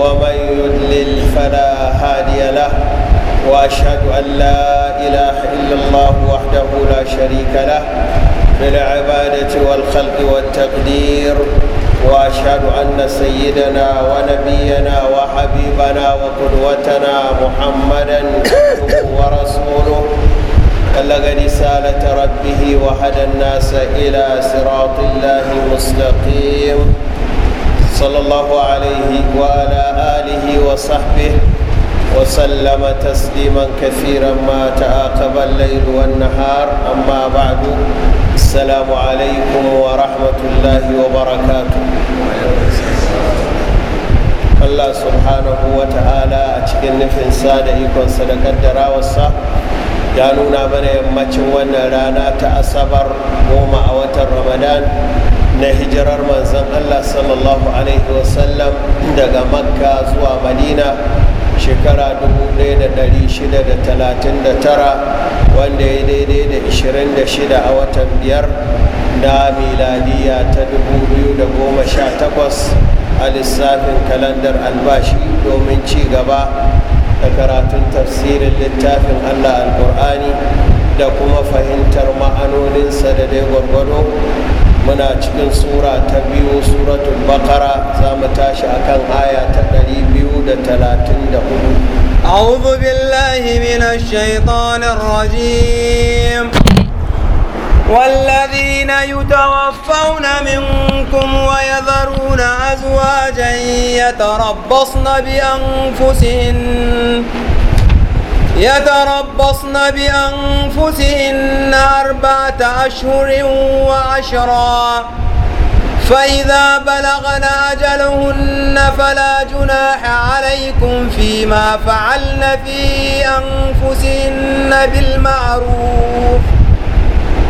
ومن يدلل فلا هادي له وأشهد أن لا إله إلا الله وحده لا شريك له في العبادة والخلق والتقدير وأشهد أن سيدنا ونبينا وحبيبنا وقدوتنا محمدا ورسوله بلغ رسالة ربه وهدى الناس إلى صراط الله المستقيم صلى الله عليه وعلى آله وصحبه وسلم تسليما كثيرا ما تعاقب الليل والنهار أما بعد السلام عليكم ورحمة الله وبركاته الله سبحانه وتعالى أتكن في إنسان يكون صدق الدراوسة ya nuna mana yammacin wannan rana ta asabar goma a watan ramadan na hijirar manzon allah sallallahu alaihi wasallam daga makka zuwa madina shekara 1639 wanda ya daidai da 26 a watan biyar na miladiya ta 2018 a lissafin kalandar albashi domin ci gaba da karatun tafsirin littafin allah alkur'ani da kuma fahimtar ma'anoninsa da dai gwargwado الشيطان الرجيم والذين يتوفون منكم ويذرون أزواجا يتربصن بأنفسهن يتربصن بأنفسهن أربعة أشهر وعشرا فإذا بلغن أجلهن فلا جناح عليكم فيما فعلن في أنفسهن بالمعروف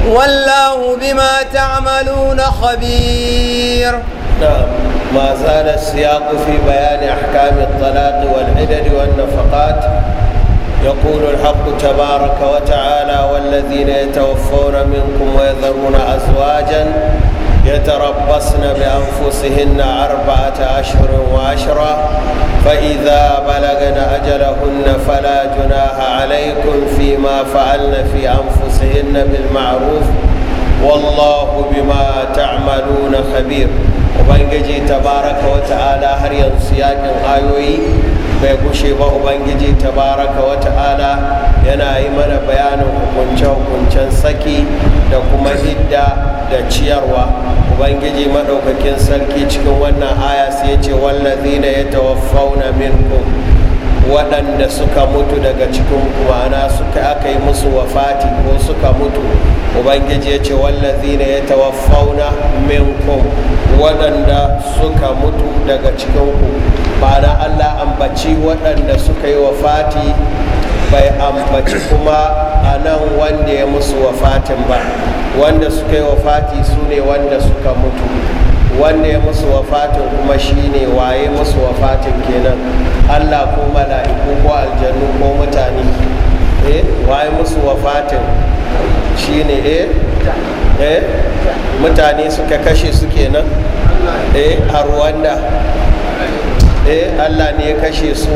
والله بما تعملون خبير نعم ما زال السياق في بيان أحكام الطلاق والعدد والنفقات يقول الحق تبارك وتعالى والذين يتوفون منكم ويذرون أزواجاً يتربصن بأنفسهن أربعة أشهر وعشرة فإذا بلغن أجلهن فلا جناح عليكم فيما فعلن في أنفسهن بالمعروف والله بما تعملون خبير ubangiji tabaraka wa ta'ala har yanzu yakin ayoyi bai gushe ba ubangiji tabaraka wa ta'ala yana yi mana bayanin hukunce-hukuncen saki da kuma hidda da ciyarwa ubangiji maɗaukakin sarki cikin wannan aya sai ya ce wallazina ya tawaffauna minku waɗanda suka mutu daga cikin ma'ana suka aka yi musu wafati ko suka mutu ubangiji ya ce wallazina ya tawaffauna minku waɗanda suka mutu daga cikin ku ma'ana allah ambaci waɗanda suka yi wafati bai ambaci kuma a nan wanda ya musu wafatin ba wanda suka yi wafati su ne wanda suka mutu wanda ya musu wafatin kuma shi ne waye musu wafatin kenan allah ko mala'iku ko aljannu ko mutane eh waye musu wafatin shine eh eh mutane suka kashe su kenan eh a ruwanda eh allah ne ya kashe su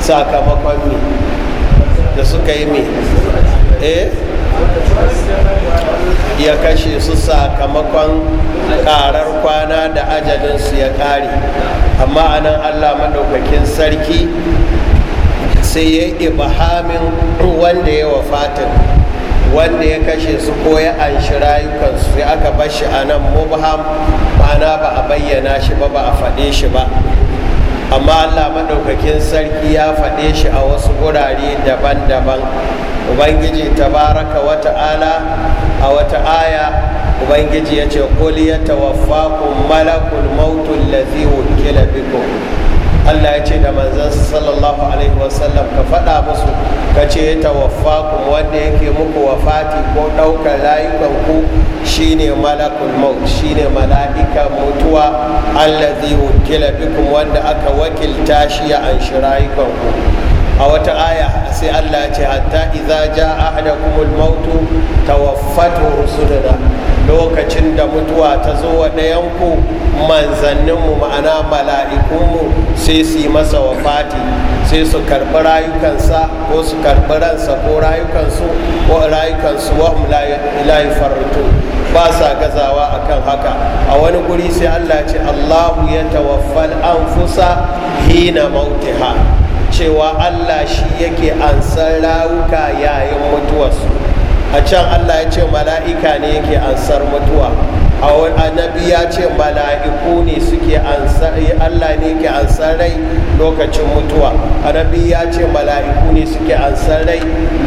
sakamakon ne da suka yi mi eh ya kashe su sakamakon karar kwana da ajalinsu ya kare amma anan allah maɗaukakin sarki sai ya ibahamin wanda ya wafatin wanda ya kashe su ko ya anshi rayukansu sai aka bashi a nan mubham na ba a bayyana shi ba ba a faɗe shi ba amma allah maɗaukakin sarki ya faɗe shi a wasu wurare daban-daban ubangiji tabaraka wa ta'ala a wata aya ubangiji ya ce ya yatawaffakum malakul mautun lazi wukila bikum Allah ya ce da manzon sallallahu alaihi wasallam ka faɗa musu ka ce tawaffakum wanda yake muku wafati ko ɗaukar layukan ku shine malakul maut shine mala'ika mutuwa allazi wukila bikum wanda aka wakilta shi ya anshi rayukan ku a wata aya sai Allah ya ce hatta idza jaa ahadakumul mautu tawaffatu rusuluna lokacin da mutuwa ta zo wa ɗayanku manzanninmu ma'ana mala'ikunmu sai su yi masa wafati sai su karɓi rayukansa ko su karɓi ransa ko rayukansu ko rayukansu wa farutu ba sa gazawa akan haka a wani guri sai allah ce allahu ya tawaffal anfusa hina mautiha cewa allah shi yake ansar rayuka yayin mutuwarsu a can allah ya ce mala'ika ne yake ansar mutuwa annabi ya ce mala'iku ne suke ansar allah ne yake ansar rai lokacin mutuwa annabi ya ce mala'iku ne suke ansar rai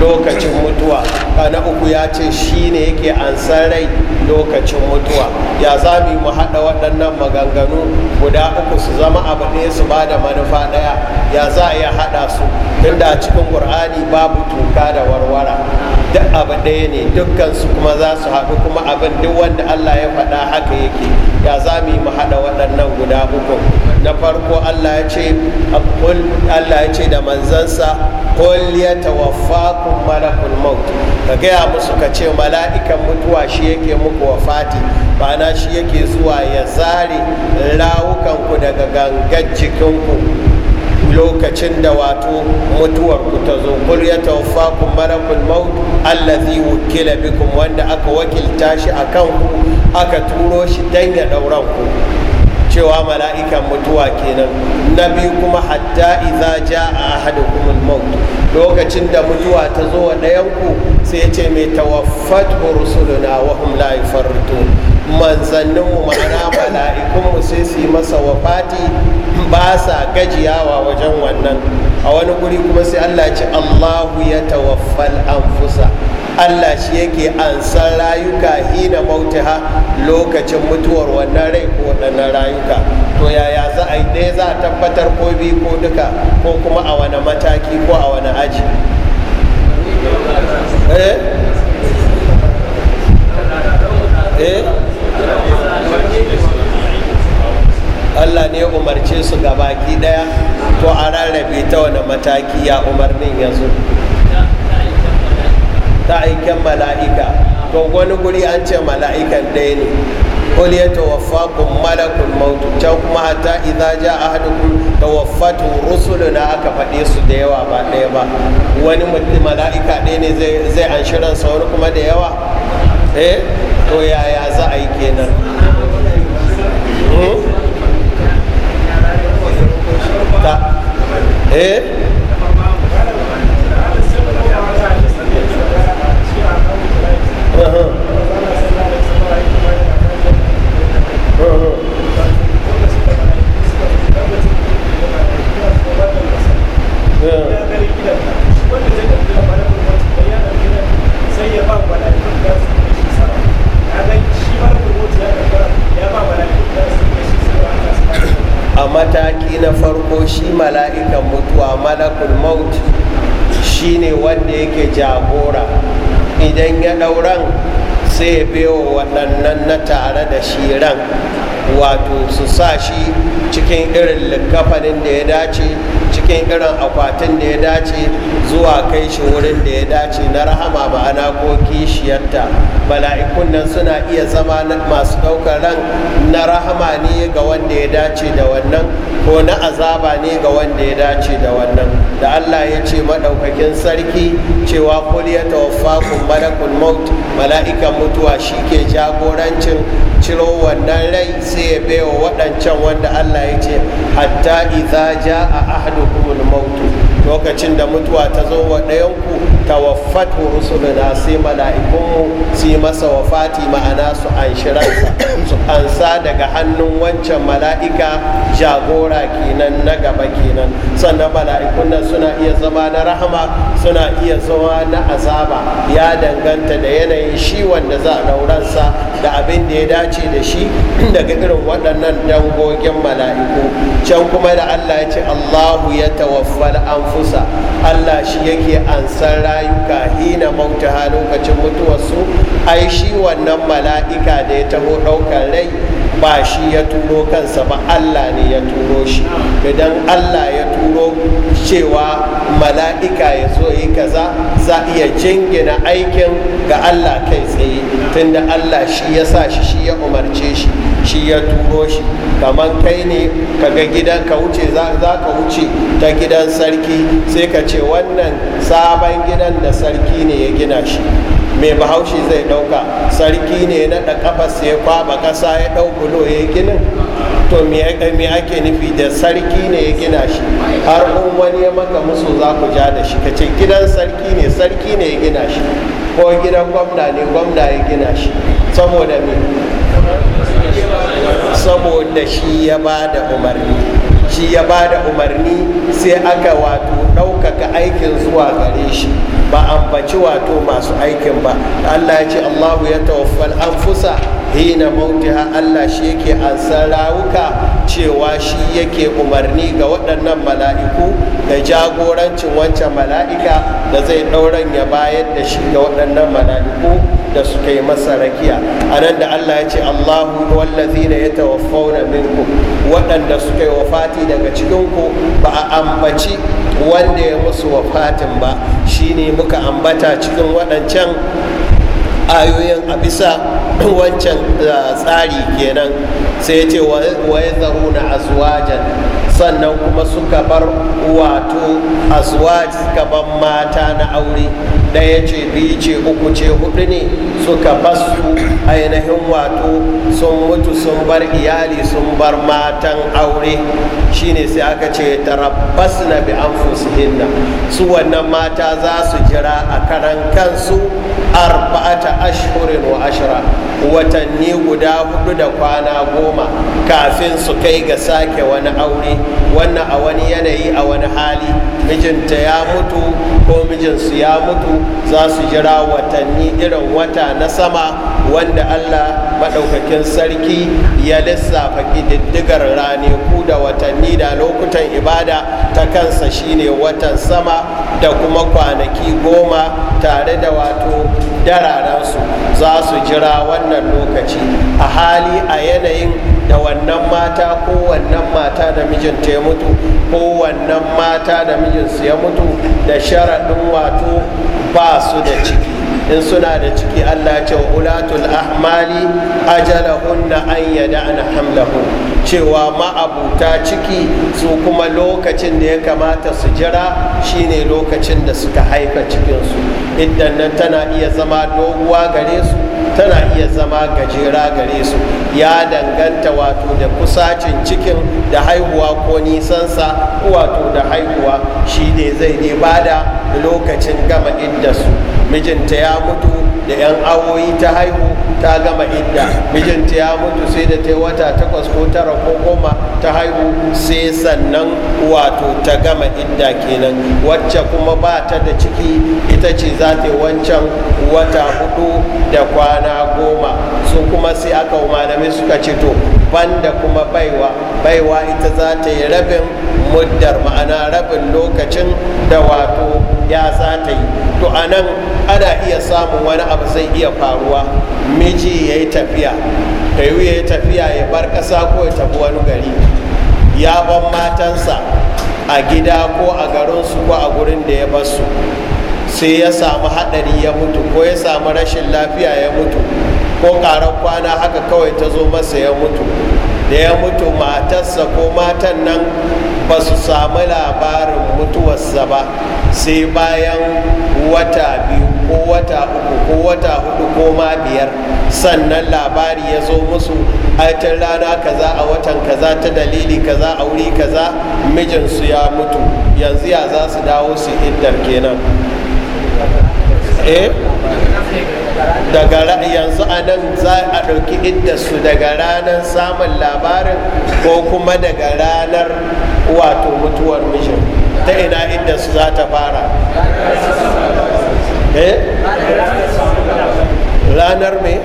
lokacin mutuwa na uku ya ce shi ne yake ansar rai lokacin mutuwa ya zami mu haɗa waɗannan maganganu guda uku su zama abu ɗaya su ba da manufa ɗaya ya za a iya haɗa su tunda cikin ƙur'ani babu tuka da warwara duk abu ɗaya ne dukkan su kuma za su haɗu kuma abin duk wanda Allah ya faɗa haka yake ya za mu yi mu haɗa waɗannan guda uku na farko Allah ya ce Allah ya ce da manzansa qul yatawaffakum malakul maut ka gaya musu ka ce mala'ikan mutuwa shi yake muku wafati na shi yake zuwa ya zare ku daga gangan jikinku lokacin da wato mutuwarku ku ta zo kul ya tawaffakum malakul maut allazi wukila bikum wanda aka wakilta shi a kan ku aka turo shi dan ya dauran ku cewa mala'ikan mutuwa kenan na biyu kuma hatta ja hada ahadukumul maut lokacin da mutuwa ta zo wa ɗayan ku sai ce mai tawaffat rusuluna wa hum la yafarritun manzanninmu ma'ana mala'ikunmu sai su yi masa wafati ba sa gajiyawa wajen wannan a wani guri kuma sai allah ci allahu ya tawaffal anfusa allah shi yake ansan rayuka hina mautaha lokacin mutuwar wannan rai ko waɗannan rayuka to yaya za a yi ɗaya za a tabbatar ko bi ko duka ko kuma a wani mataki ko a wani aji eh? su ga baki daya ko a rarrabe ta wani mataki ya umarnin ya zo ta aiken mala'ika to wani guri an ce mala'ikan ɗaya ne قل يتوفاكم ملك الموت كما حتى إذا جاء أحدكم rusulu na aka faɗe su da yawa ba ɗaya ba wani mala'ika ɗaya ne zai an shirin sauri kuma da yawa eh to yaya za a yi kenan hmm? nada. Tá. É? Uhum. Uhum. a mataki na farko shi mala'ikan mutuwa malakul maut shi ne wanda yake jagora idan ya dauran sai ya bewa waɗannan na tare da shi ran wato su sa shi cikin irin likafanin da ya dace cikin irin akwatin da ya dace zuwa kai shi wurin da ya dace na rahama ma'ana ko kishiyarta bala'ikun nan suna iya zama masu ɗaukar ran na rahama ne ga wanda ya dace da wannan ko na azaba ne ga wanda ya dace da wannan da allah ya ce maɗaukakin sarki cewa kul ya tawaffakun malakul mala'ikan mutuwa shi ke jagorancin ciro wannan rai sai ya baiwa waɗancan wanda Allah ya ce hatta a jaa ahadukumul maut lokacin da mutuwa ta zo wa ɗayanku tawaffatu rusuluna sai mala'ikunmu su yi masa wafati ma'ana su anshiransa su ansa daga hannun wancan mala'ika jagora kenan na gaba kenan sannan mala'ikun nan suna iya zama na rahama suna iya zama na azaba ya danganta da yanayin shi wanda za a dauransa da abin da ya dace da shi daga irin waɗannan dangogin mala'iku can kuma da allah ya ce allahu ya tawaffal anfusa allah shi yake ansar rayuka hina mauta lokacin mutuwarsu ai shi wannan mala'ika da ya taho ɗaukar rai ba shi ya turo kansa ba allah ne ya turo shi idan allah ya turo cewa mala'ika ya zo yi kaza za iya jingina aikin ga allah kai tsaye tunda allah shi ya sa shi shi ya umarce shi shi ya turo shi kamar kai ne ka ga gidan ka wuce za ka wuce ta gidan sarki sai ka ce wannan sabon gidan da sarki ne ya gina shi mai bahaushe zai ɗauka sarki ne na da kafas ya kwaba ƙasa ya dauku bulo ya ginin to me ake nufi da sarki ne ya gina shi har kun wani ya maka musu za ku ja da shi ka ce gidan sarki ne sarki ne ya gina shi ko gidan gwamna ne gwamna ya gina shi saboda me saboda shi ya ba da umarni shi ya ba da umarni sai aka wato ɗaukaka aikin zuwa gare shi ba ambaci wato masu aikin ba allah ya ce allahu ya tawaffal anfusa hina mautiha allah shi yake ansan rawuka cewa shi yake umarni ga waɗannan mala'iku da jagorancin wancan mala'ika da zai ɗauran ya bayar da shi ga waɗannan mala'iku da suka yi masa rakiya a nan da allah ya ce allahu wallazi na ya tawaffauna minku waɗanda suka yi wafati daga cikinku ba a ambaci wanda ya musu wafatin ba shine muka ambata cikin waɗancan ayoyin a bisa wancan uh, tsari kenan sai ya ce wa ya zaruna azwajan sannan kuma suka bar wato azwaj suka mata na aure ɗaya ce biyu ce uku ce hudu ne suka basu ainihin wato sun mutu sun bar iyali sun bar matan aure shine sai aka ce tarabbas na bi an su wannan mata za su jira a karan kansu arba'ata ashirin wa ashira watanni guda hudu da kwana goma kafin su kai ga sake wani aure wannan a wani yanayi a wani hali mijinta ya mutu ko mijinsu ya mutu za su jira watanni irin wata na sama wanda allah maɗaukakin sarki ya lissafa ƙididdigar ku da watanni da lokutan ibada ta kansa shine watan sama da kuma kwanaki goma tare da wato dararensu za su jira wannan lokaci a hali a yanayin da wannan mata ko wannan mata da mijinta ya mutu ko wannan mata da mijinsu ya mutu da sharaɗin wato ba su da ciki in suna da ciki allah ce ulatul ahmali ajalahunna an yada'na hamlahun cewa ma'abuta ciki su kuma lokacin da ya kamata su jira shine lokacin da suka haifa cikinsu idan nan tana iya zama doguwa gare su tana iya zama gajera gare su ya danganta wato da kusacin cikin da haihuwa ko nisansa wato da haihuwa shi ne zai ne bada lokacin gama idda su mijinta ya mutu da 'yan awoyi ta haihu ta gama idda mijinta ya mutu sai da ta wata takwas ko tara ko goma ta haihu sai sannan wato ta gama idda kenan wacce kuma ba ta da ciki ita ce za ta wancan wata hudu da kwana kwana goma su kuma sai aka malamai suka ce to banda kuma baiwa baiwa ita za ta yi rabin muddar ma'ana rabin lokacin da wato ya za ta yi to a nan ana iya samun wani abu zai iya faruwa miji ya yi tafiya ya tafiya ya bar ƙasa ko ya tafi wani gari ya ban matansa a gida ko a garinsu ko a gurin da ya basu sai ya samu haɗari ya mutu ko ya samu rashin lafiya ya mutu ko ƙarar kwana haka kawai ta zo masa ya mutu da ya mutu matarsa ko matan nan ba su samu labarin mutuwarsa ba sai bayan wata biyu ko wata uku ko wata hudu ko ma biyar sannan labari ya zo musu aitin rana kaza a watan kaza ta dalili kaza a wuri kaza mijinsu ya mutu yanzu ya za su dawo su iddar kenan eh daga yanzu a nan za a ɗauki su daga ranar samun labarin ko kuma daga ranar wato mutuwar mijin ta ina su za ta fara eh? ranar mai?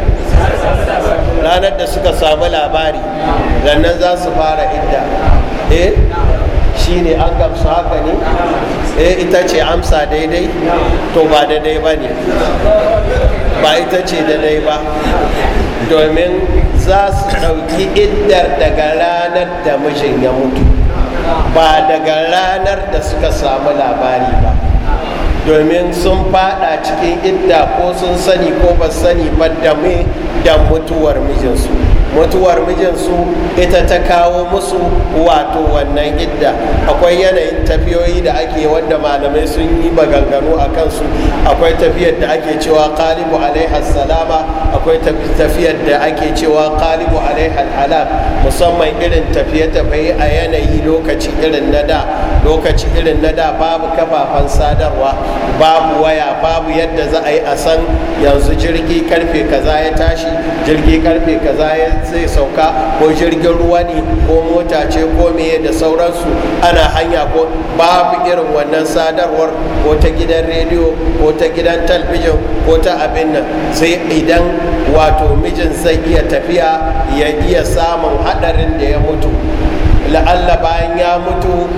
ranar da suka samu labari rannan za su fara idda eh ne an gamsu haka ne eh ita ce amsa daidai to ba daidai ba ne ba ita ce daidai ba domin za su ɗauki iddar daga ranar da mijin ya mutu ba daga ranar da suka samu labari ba domin sun fada cikin idda ko sun sani ko ba sani ba da mutuwar mijinsu mutuwar mijinsu ita ta kawo musu wato wannan idda akwai yanayin tafiyoyi da ake wanda malamai sun yi maganganu a kansu akwai tafiyar da ake cewa kalibu alaihar salama akwai tafiyar da ake cewa kalibu alaihar halal musamman irin tafiye-tafiye a yanayi lokaci irin na da lokaci irin na da babu kafafen sadarwa babu waya babu yadda za a yi a san yanzu jirgi karfe kaza ya tashi jirgi karfe kaza ya zai sauka ko jirgin ruwa ne ko mota ce ko meye da sauransu ana hanya ko babu irin wannan sadarwar ko ta gidan rediyo ko ta gidan talbijin ko ta abin nan sai idan wato mijin zai iya tafiya ya iya samun hadarin da ya mutu la'alla bayan ya mutu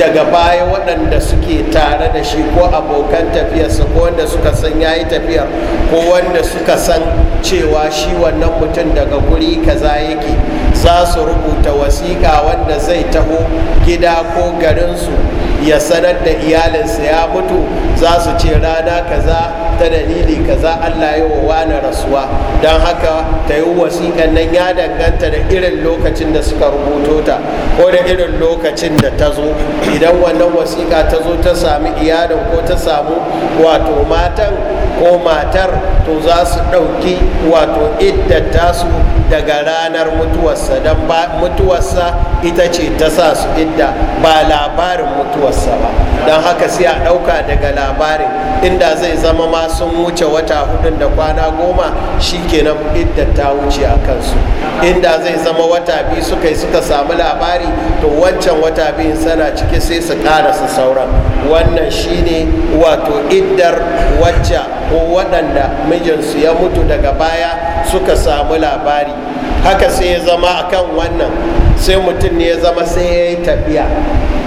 daga baya waɗanda suke tare da shi ko abokan tafiyarsa ko wanda suka san ya yi tafiyar ko wanda suka san cewa shi wannan mutum daga guri kaza yake za su rubuta wasiƙa wanda zai taho gida ko garinsu ya sanar da iyalinsa ya mutu za su ce rana kaza ta dalili kaza allah yi wa wani rasuwa don haka ta yi wasiƙan nan ya danganta da irin lokacin da suka rubuto ta ko da irin lokacin da ta zo idan wannan wasiƙa ta zo ta sami iyalin ko ta samu wato matan ko matar to za su ɗauki wato iddar tasu daga ranar mutuwarsa don mutuwarsa ita ce ta sa su idda ba labarin mutuwa haihuwarsa don haka sai a ɗauka daga labarin inda zai zama ma sun wuce wata hudun da kwana goma shi kenan idda ta wuce a kansu inda zai zama wata biyu suka yi suka samu labari to wancan wata biyun sana ciki sai su karasa sauran wannan shine wato iddar wacce ko waɗanda mijinsu ya mutu daga baya suka samu labari haka sai ya zama akan wannan sai mutum ne ya zama sai ya yi tafiya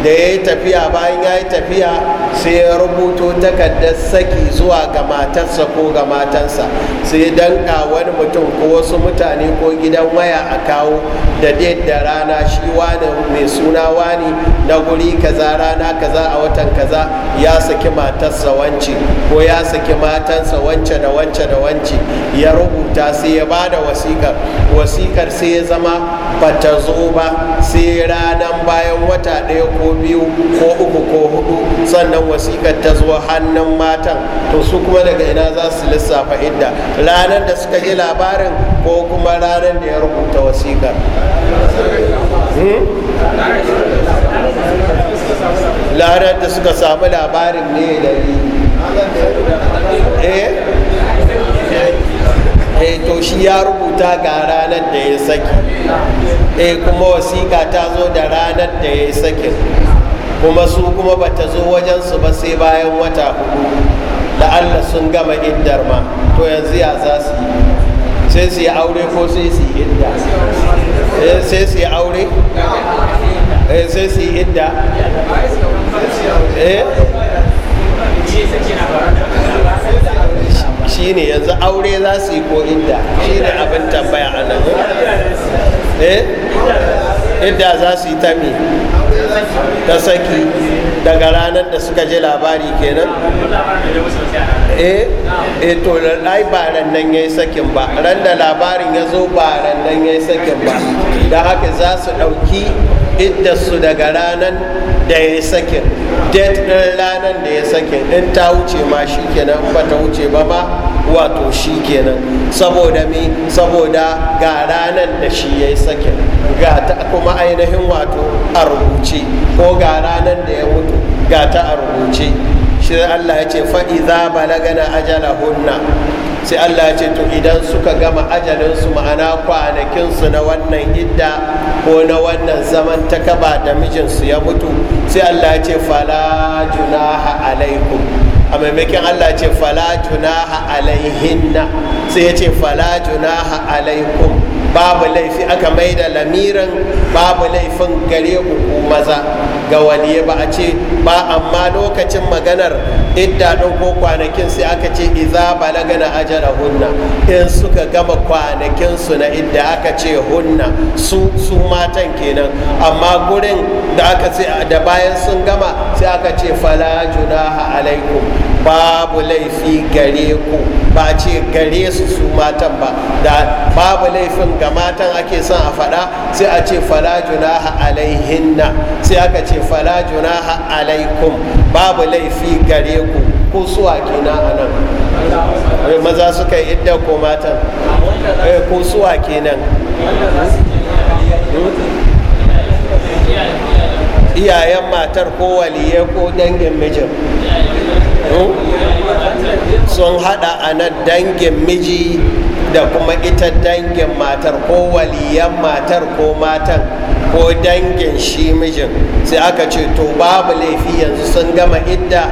da ya yi tafiya bayan ya yi tafiya sai ya rubuto takardar saki zuwa ga matarsa ko ga matansa sai danka wani mutum ko wasu mutane ko gidan waya a kawo da da rana shi wani mai suna wani na guri kaza rana kaza a watan kaza ya saki matarsa wance ko ya saki matansa wance da wance da wance ya rubuta sai ya bada wasikar wasikar sai ya zama bata zo ba ba sai ranar bayan wata ɗaya ko biyu ko uku ko hudu sannan wasikar ta zuwa hannun matan to su kuma daga ina za su lissafa idda ranar da suka ji labarin ko kuma ranar da ya rubuta wasikar hmm? ranar da suka samu labarin ne da eh eh to shi ya rubuta ga ranar da ya saki e kuma wasiƙa ta zo da ranar da ya saki kuma su kuma bata zo wajensu ba sai bayan wata hudu da Allah sun gama iddar ma to yanzu ya za su yi sai su yi aure ko sai su yi idda eh, sai su yi aure eh, sai su yi idda eh Shi ne yanzu aure za su yi ko shi ne abin tambaya a nan eh idda za su yi tami ta saki daga ranar da suka je labari kenan eh eh to ai ba nan yayi sakin ba ran da labarin ya zo ba nan yayi sakin ba da haka za su ɗauki su daga ranar da ya sakin date ɗin ranar da ya sakin in ta wuce ma shi kenan ba ta wuce ba ba wato shi kenan saboda mi saboda ga ranar da shi ya yi sakin ga ta kuma ainihin wato a rubuce ko ga ranar da ya mutu ga ta a rubuce shi allah ya ce fa'iza balagana hunna sai allah ce to idan suka gama ajalinsu ma'ana kwanakinsu na wannan idda ko na wannan zaman ta kaba da mijinsu ya mutu sai allah ce fala junaha alaikum a maimakon Allah ce fala ha alaihinna sai ya ce fala ha alaikum babu laifi aka mai da lamirin babu laifin gare ku maza ga waliye ba a ce ba amma lokacin maganar idda ɗauko kwanakin sai aka ce iza balaga na ajara hunna in suka gama kwanakinsu na idda aka ce hunna su su matan kenan amma gurin da aka ce da bayan sun gama sai aka ce fala junaha alaikum babu laifi gare ku ba ce gare su su matan ba da babu laifin ga matan ake son a faɗa sai a ce fala junaha alaihinna sai aka ce fala junaha alaikum babu laifi gare garinku ko suwa kenan a nan eh, maza suka yi idda ko matan eh, ko suwa nan? Hmm? iyayen matar ko waliye ko dangin mijin hmm? sun hada a nan dangin miji da kuma ita dangin matar ko waliyan matar ko matan ko dangin shi mijin sai aka ce to babu laifi yanzu sun gama idda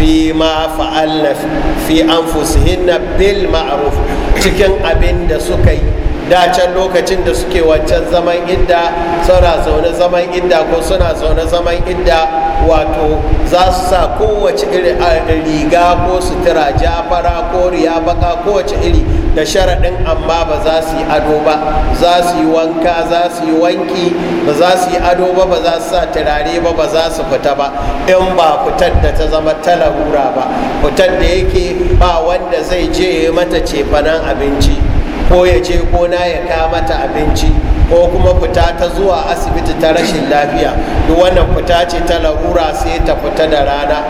fi ma fa'alna fi anfusihinna bil ma'ruf cikin abin da suka yi da can lokacin da suke wancan zaman inda suna zaune zaman inda ko suna zaune zaman inda wato za su sa kowace a riga ko sutura jafara ko riya baka kowace iri da sharaɗin amma ba za su yi ado ba za su yi wanka za su yi wanki ba za su yi ado ba ba za su sa turare ba ba za su fita ba in ba fitar da ta zama talahura ba fitar da yake ba wanda zai je mata cefanen abinci ko ya je gona ya kawo mata abinci ko kuma fita ta zuwa asibiti ta rashin lafiya duk wannan fita ce ta larura sai ta fita da rana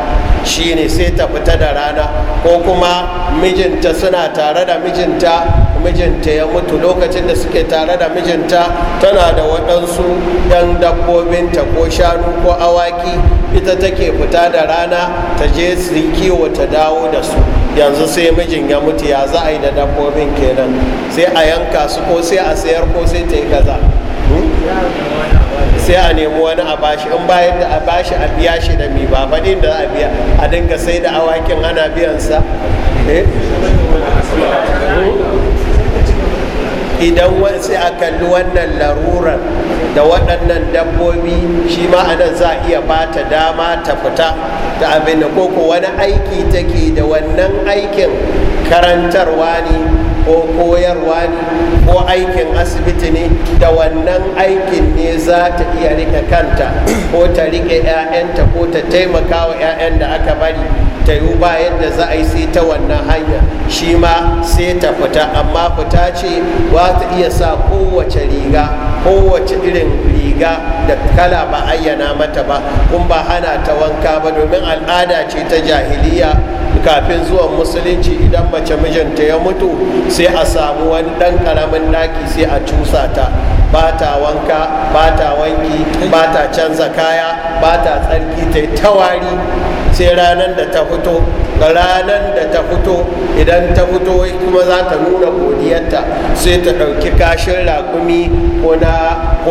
shine sai ta fita da rana ko kuma mijinta suna tare da mijinta mijinta ya mutu lokacin da suke tare da mijinta tana da waɗansu 'yan dabbobinta ko shanu ko awaki ita take fita da rana ta je su kiwo ta dawo da su yanzu sai mijin ya mutu ya za a yi da dabbobin kenan sai a yanka su ko sai a sayar ko sai ta yi kaza hmm? sai a nemi wani a bashi in bayan da a bashi a biya shi da mi ba faɗin da a biya a dinga sai da awakin ana biyansa eh hmm? idan wasu a kalli wannan larurar da waɗannan dabbobi shi ma a nan za a iya ba ta dama ta fita ta abin koko koko wani aiki take da wannan aikin karantarwa ne ko koyarwa ne ko aikin asibiti ne da wannan aikin ne za ta iya rike kanta ko ta rike 'ya'yanta ko ta taimaka wa 'ya'yan da aka bari ta yi ba yadda za a yi sai ta wannan hanya shi ma sai ta fita amma fita ce ba ta iya sa kowace riga kowace irin riga da kala ba ayyana mata ba kun ba hana ta wanka ba domin al'ada ce ta jahiliya kafin zuwan musulunci idan mace mijinta ya mutu sai a samu wani dan karamin daki sai a cusa ta ba ta wanka ba ta wanki ba ta canza kaya ba ta tsarki ta yi tawari sai ranar da ta fito ranar da ta fito idan ta fito kuma za ta nuna godiyarta sai ta ɗauki kashin rakumi ko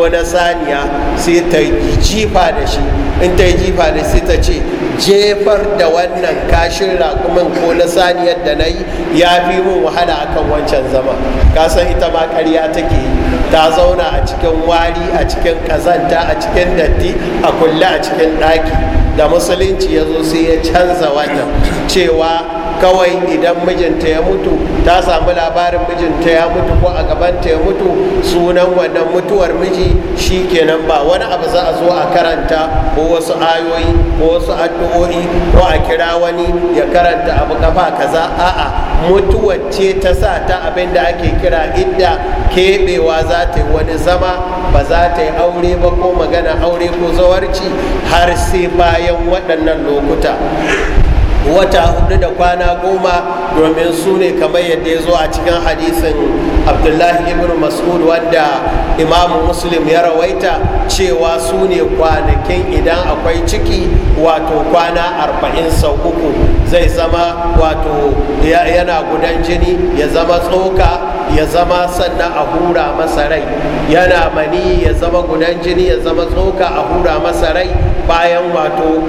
na saniya sai ta jifa da shi in ta yi jifa da shi ta ce jefar da wannan kashin rakumin ko na saniyar da na yi ya fi mun wahala akan wancan zama kasan ita ma karya take yi ta zauna a cikin wari a cikin ƙazanta a cikin datti a kulle a cikin ɗaki da musulunci ya zo sai ya canza wannan cewa kawai idan mijinta ya mutu ta samu labarin mijinta ya mutu ko a gabanta ya mutu sunan wannan mutuwar miji shi kenan ba wani abu za a zo a karanta ko wasu ayoyi ko wasu addu'o'i ko a kira wani ya karanta abu kafa kaza a'a mutuwar ce ta sa ta abin da ake kira idda keɓewa za ta yi wani zama ba za ta yi aure ba ko magana aure ko zawarci har sai bayan waɗannan lokuta wata hudu da kwana goma domin su ne kamar yadda ya zo a cikin hadisin abdullahi ibn mas'ud wanda imamu muslim ya rawaita cewa su ne kwanakin idan akwai ciki wato kwana arba'in sau uku zai zama wato yana gudan jini ya zama tsoka ya zama sannan a hura masa rai yana mani ya zama gudan jini ya zama tsoka a hura masa rai bayan wato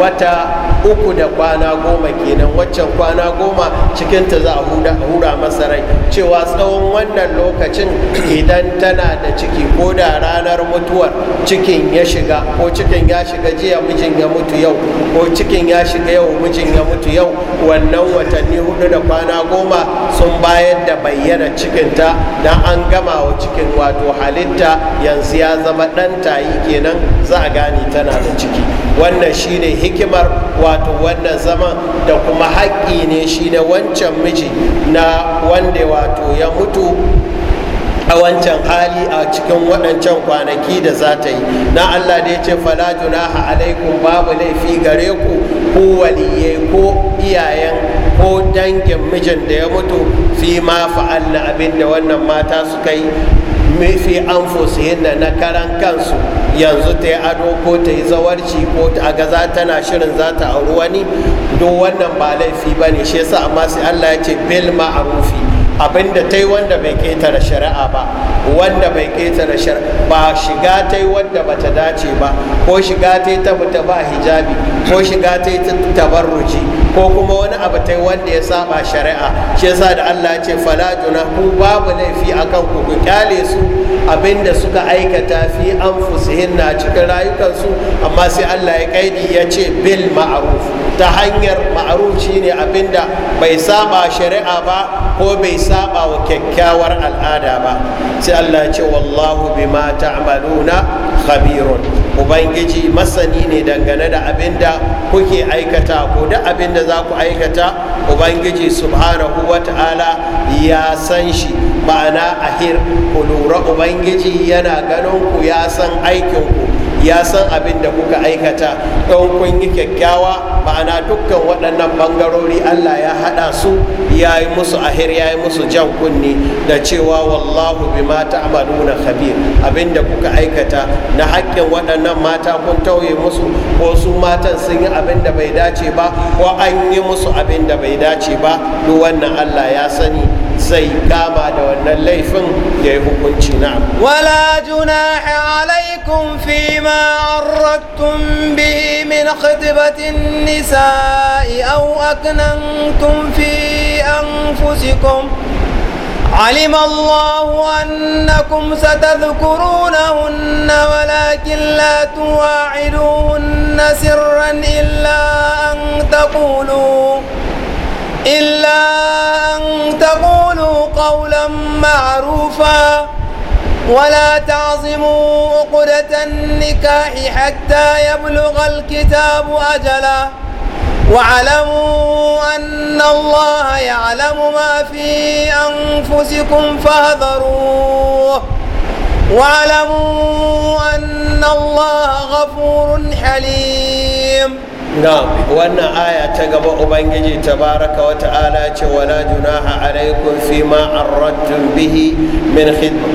wata uku da kwana goma kenan waccan kwana goma cikinta za a hura masa rai cewa tsawon wannan lokacin idan tana da ciki ko da ranar mutuwar cikin ya shiga ko cikin ya shiga jiya mijin ya mutu yau ko cikin ya shiga yau mijin ya mutu yau wannan watanni hudu da kwana goma sun bayar da bayyana bayyana cikinta dan an gama wa cikin wato halitta yanzu ya zama dan tayi kenan za a gane tana da ciki wannan shine hikimar wato wannan zaman da kuma haƙƙi ne shi da wancan miji na wanda wato ya mutu a wancan hali a cikin waɗancan kwanaki da za ta yi na allah da ya ce fala junaha alaikum babu laifi gare ku ko waliye ko iyayen ko dangin mijin da ya mutu fi ma fa'alna abinda wannan mata mafi yi fi yadda na karan kansu yanzu ta yi ado ko ta yi zawarci ko ta ga za tana shirin za ta auri wani duk wannan ba laifi ba ne shi yasa amma sai Allah ya ce bil ma'arufi abinda ta yi wanda bai ketare shari'a ba wanda bai ketare shari'a ba shiga ta yi wanda bata dace ba ko shiga ta yi ta ba hijabi ko shiga ta yi tabarruci ko kuma wani abu ta yi wanda ya saba shari'a shi yasa da Allah ya ce fala ku babu laifi akan ku ku kyale su abinda suka aikata fi an fusihin na cikin rayukansu amma sai Allah ya kaidi ya ce bil ma'ruf ta hanyar ma'aruf shine abinda bai saba shari'a ba ko bai saba wa kyakkyawar al'ada ba sai Allah ce wallahu bima ta'maluna khabirun ubangiji masani ne dangane da abinda kuke aikata ko da abinda za ku aikata ubangiji subhanahu wata'ala ya san shi ma'ana ahir ku lura ubangiji yana ganin ku ya san aikin ku ya san abin da kuka aikata don kun yi kyakkyawa ma'ana dukkan waɗannan bangarori allah ya haɗa su ya yi musu ahir ya yi musu jan kunni da cewa wallahu bi bima na khabir abin da kuka aikata na haƙƙin waɗannan mata kun tauye musu ko su matan sun yi abin da bai dace ba ko an yi musu abin da bai dace ba duk wannan allah ya sani zai kama da wannan laifin ya yi hukunci na wala لكم فيما عرضتم به من خطبة النساء أو أكننتم في أنفسكم علم الله أنكم ستذكرونهن ولكن لا تواعدوهن سرا إلا أن تقولوا إلا أن تقولوا قولا معروفا ولا تعظموا عقدة النكاح حتى يبلغ الكتاب أجلا واعلموا أن الله يعلم ما في أنفسكم فاحذروه واعلموا أن الله غفور حليم na wannan aya ta gaba ubangiji tabaraka wa ta'ala ce wala junaha alaikum fi ma arradtum bihi min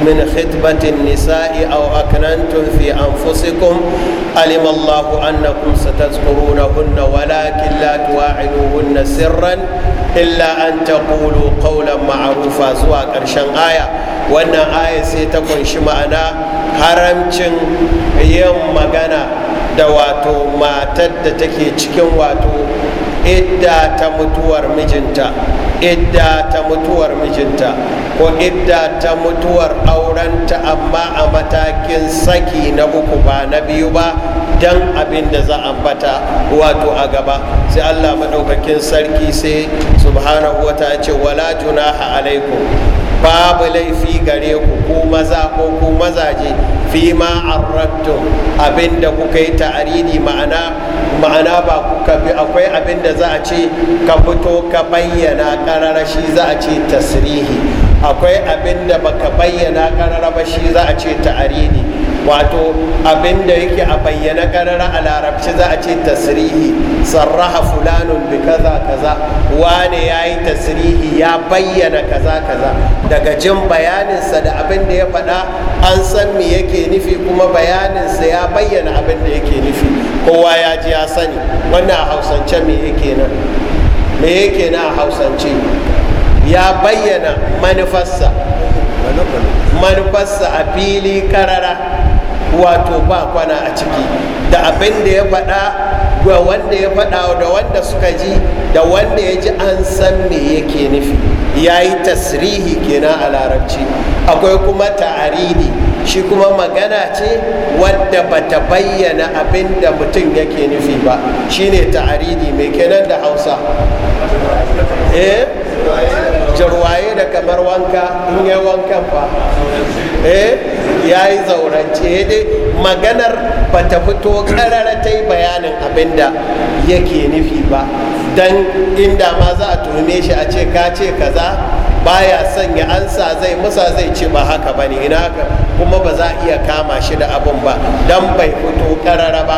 min khitbatin nisa'i aw aknantum fi anfusikum alima Allah annakum satazkurunahunna walakin la tuwa'iduhunna sirran illa an taqulu qawlan ma'rufa zuwa karshen aya wannan aya sai ta kunshi ma'ana haramcin yin magana da wato matar da take cikin wato idda ta mutuwar mijinta idda ta mutuwar mijinta ko idda ta mutuwar aurenta amma a matakin saki na uku ba na biyu ba dan abin da za a bata wato a gaba sai allah maɗaukakin sarki sai subhanahu wa ta ce wala junaha alaikum babu laifi gare ku ku maza ko ku mazaje fi ma arrattum abinda kuka yi ta'aridi ma'ana ma'ana ba kuka bi akwai abinda za a ce ka fito ka bayyana karara shi za a ce tasrihi akwai abinda baka bayyana karara ba shi za a ce ta'aridi wato abinda yake a bayyana karara a larabci za a ce tasirihi sarraha fulanun bi kaza kaza wane ya yi tasirihi ya bayyana kaza kaza daga jin bayaninsa da abin da ya faɗa an san me yake nufi kuma bayaninsa ya bayyana abin da yake nufi kowa ya ji ya sani wannan a hausance me yake nan me yake na a hausance ya bayyana manufarsa manufarsa a fili karara wato ba kwana a ciki da abin da ya faɗa ga wanda ya faɗa da wanda suka ji da wanda ya ji an san me yake nufi ya yi tasirihi kenan a larabci akwai kuma ta'aridi shi kuma magana ce wadda ba ta bayyana abin da mutum yake nufi ba shine ta'aridi mai kenan da hausa eh jarwaye da kamar wanka in yi wankan fa eh ya yi zaurance eh dai maganar ba ta fito karara ta yi bayanin abinda yake nufi ba dan inda ma za a tuhume shi a ce ka ce kaza baya sanya ansa zai musa zai ce ba haka ba ne ina haka kuma ba za a iya kama shi da abun ba dan bai fito karara ba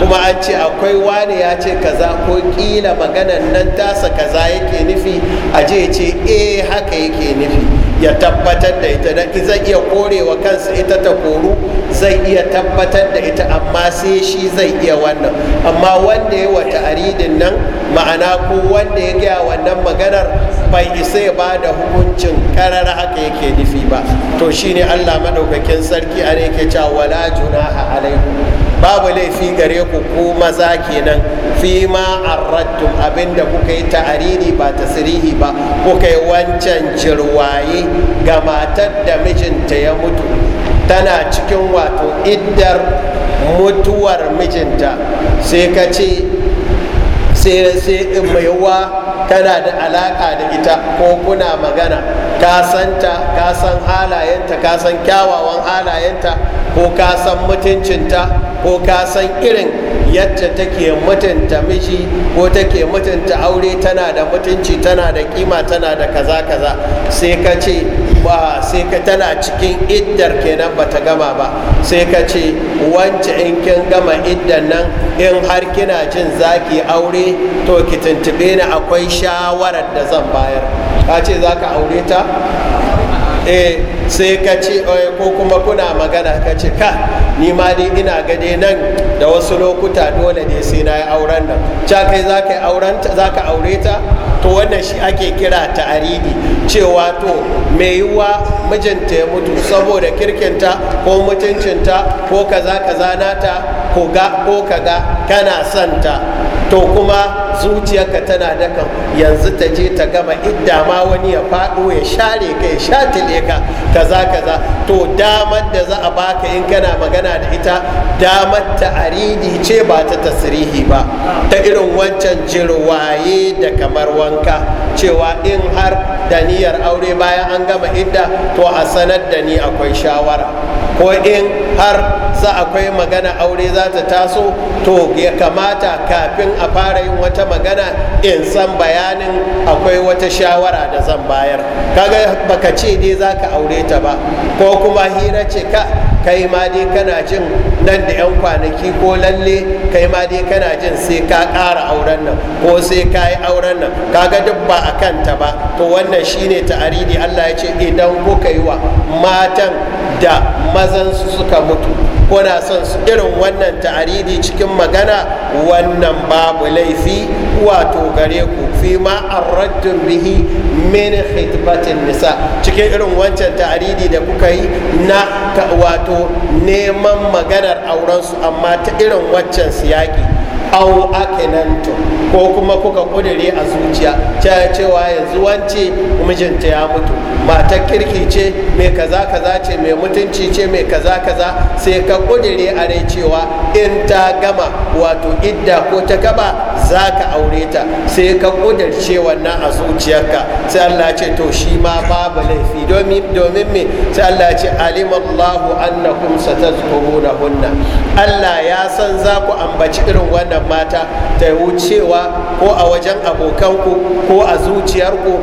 kuma an ce akwai wani ya ce kaza ko kila maganan nan tasa kaza yake nufi a je ce eh haka yake nufi ya tabbatar da ita don zai iya korewa kansa ita ta koru zai iya tabbatar da ita amma sai shi zai iya wannan amma wanda ya wata aridin nan ma'ana ko wanda ya gaya wannan maganar bai isa ya ba da hukuncin karar haka yake nufi ba to shi ne allah maɗaukakin sarki a ne ke cewa wala junaha alaikum babu laifi gare ku ku maza kenan fi ma arrattum abinda kuka yi ta'arini ba tasirihi ba kuka yi wancan jirwaye ga matar da mijinta ya mutu tana cikin wato iddar mutuwar mijinta sai ka ce sai sai in mai yawa kana da alaka da ita ko kuna magana ka santa ka san halayenta ka san kyawawan halayenta ko ka san mutuncinta ko ka san irin yadda take mutunta miji ko take mutunta aure tana da mutunci tana da kima tana da kaza kaza sai ka ce ba sai ka tana cikin iddar kenan ba ta gama ba sai ka ce wance in kin gama iddan nan in har kina jin zaki aure to ki tuntube ni akwai shawarar da zan bayar ka ce za ka aure ta eh sai ka ce eh, ko kuma kuna magana ka ce ka ni ma dai ina gade nan da wasu lokuta dole ne sai na yi auren nan cakai za ka aure ta to wannan shi ake kira ta'aridi cewa to mai yiwuwa mijinta ya mutu saboda kirkinta ko mutuncinta ko kaza kaza nata ko ga ko kaga kana santa to kuma zuciyarka tana dakan yanzu ta je ta gama idda ma wani ya faɗo ya share ka ya shatile ka kaza kaza to damar da za a baka in kana magana da ita damar ta'aridi ce ba ta tasirihi ba ta irin wancan jirwaye da kamar wani wanka cewa in har daniyar aure bayan an gama idda to a sanar da ni akwai shawara ko in har za akwai magana aure za ta taso to ya kamata kafin a fara yin wata magana in san bayanin akwai wata shawara da zan bayar kaga baka ce dai za ka aure ta ba ko kuma hira ce ka kai ma dai kana jin nan da 'yan kwanaki ko lalle kai ma dai kana jin sai ka kara auren nan ko sai ka yi auren nan kaga duk ba a kanta ba to wannan shine ta'aridi allah ya ce idan kuka yi wa matan da mazan su suka mutu kuna son su irin wannan ta'aridi cikin magana wannan babu laifi wato gare ku fi ma arraddun bihi min khitbatin nisa cikin irin wancan ta'aridi da kuka yi na wato neman maganar aurensu amma ta irin wancan siyaki au akinantum ko kuma kuka kudure a zuciya Ta cewa yanzu wance mijinta ya mutu matar kirki ce mai kaza kaza ce mai mutunci ce mai kaza kaza sai ka kudure a rai cewa in ta gama wato idda ko ta gaba za ka aure ta sai ka kudurce wannan a zuciyarka sai Allah ce to shi ma babu laifi domin me sai Allah ce alimallahu annakum satazkuruna hunna Allah ya san za ku ambaci irin wannan mata ta yi cewa ko a wajen abokanku ko a zuciyarku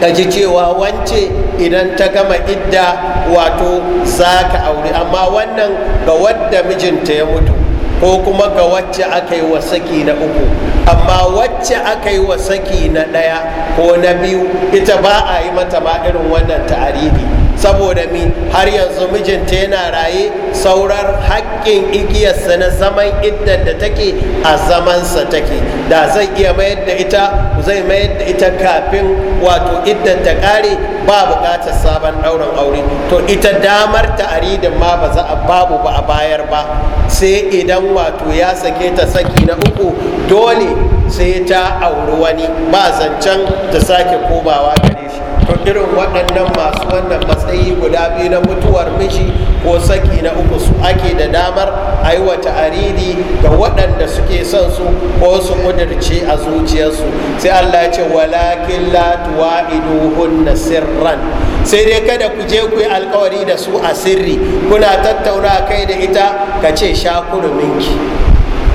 ta ji cewa wance idan ta gama idda wato za ka aure amma wannan ga wadda mijinta ya mutu ko kuma ga wacce aka yi wa saki na uku amma wacce aka yi wa saki na ɗaya ko na biyu ita ba a yi mata ba irin wannan ta'aribi. saboda mi har yanzu mijinta yana raye sauran haƙƙin igiyarsa na zaman iddan da take a zamansa take da zai iya mayar da ita zai mayar da ita kafin wato iddan ta ƙare ba buƙatar sabon ɗaurin aure to ita damar ta aridin ma ba za a babu ba a bayar ba sai idan wato ya sake ta saki na uku dole sai ta auri wani ba zancen ta sake kobawa gare to irin waɗannan masu wannan matsayi guda biyu na mutuwar miji ko saki na uku su ake da damar a yi wa ta'aridi ga waɗanda suke son su ko su ƙudurce a zuciyarsu sai allah ya ce walakin la tuwa'iduhunna sirran sai dai kada ku je ku yi alkawari da su a sirri kuna tattauna kai da ita ka ce sha minki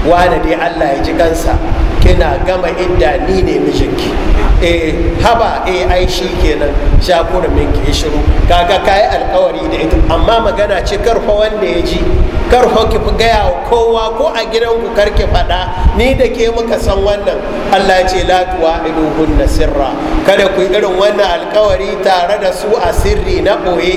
wane dai allah ya ji kansa kina gama inda ni ne mijinki e haba e ai shi kenan shakura ke shiru kaga kayi alƙawari da ita amma magana ce karfa wanda ya ji karfa ki fi gaya kowa ko a gidanku kar ki faɗa ni da ke muka san wannan allah ce latuwa tuwa na sirra kada ku irin wannan alƙawari tare da su a sirri na ɓoye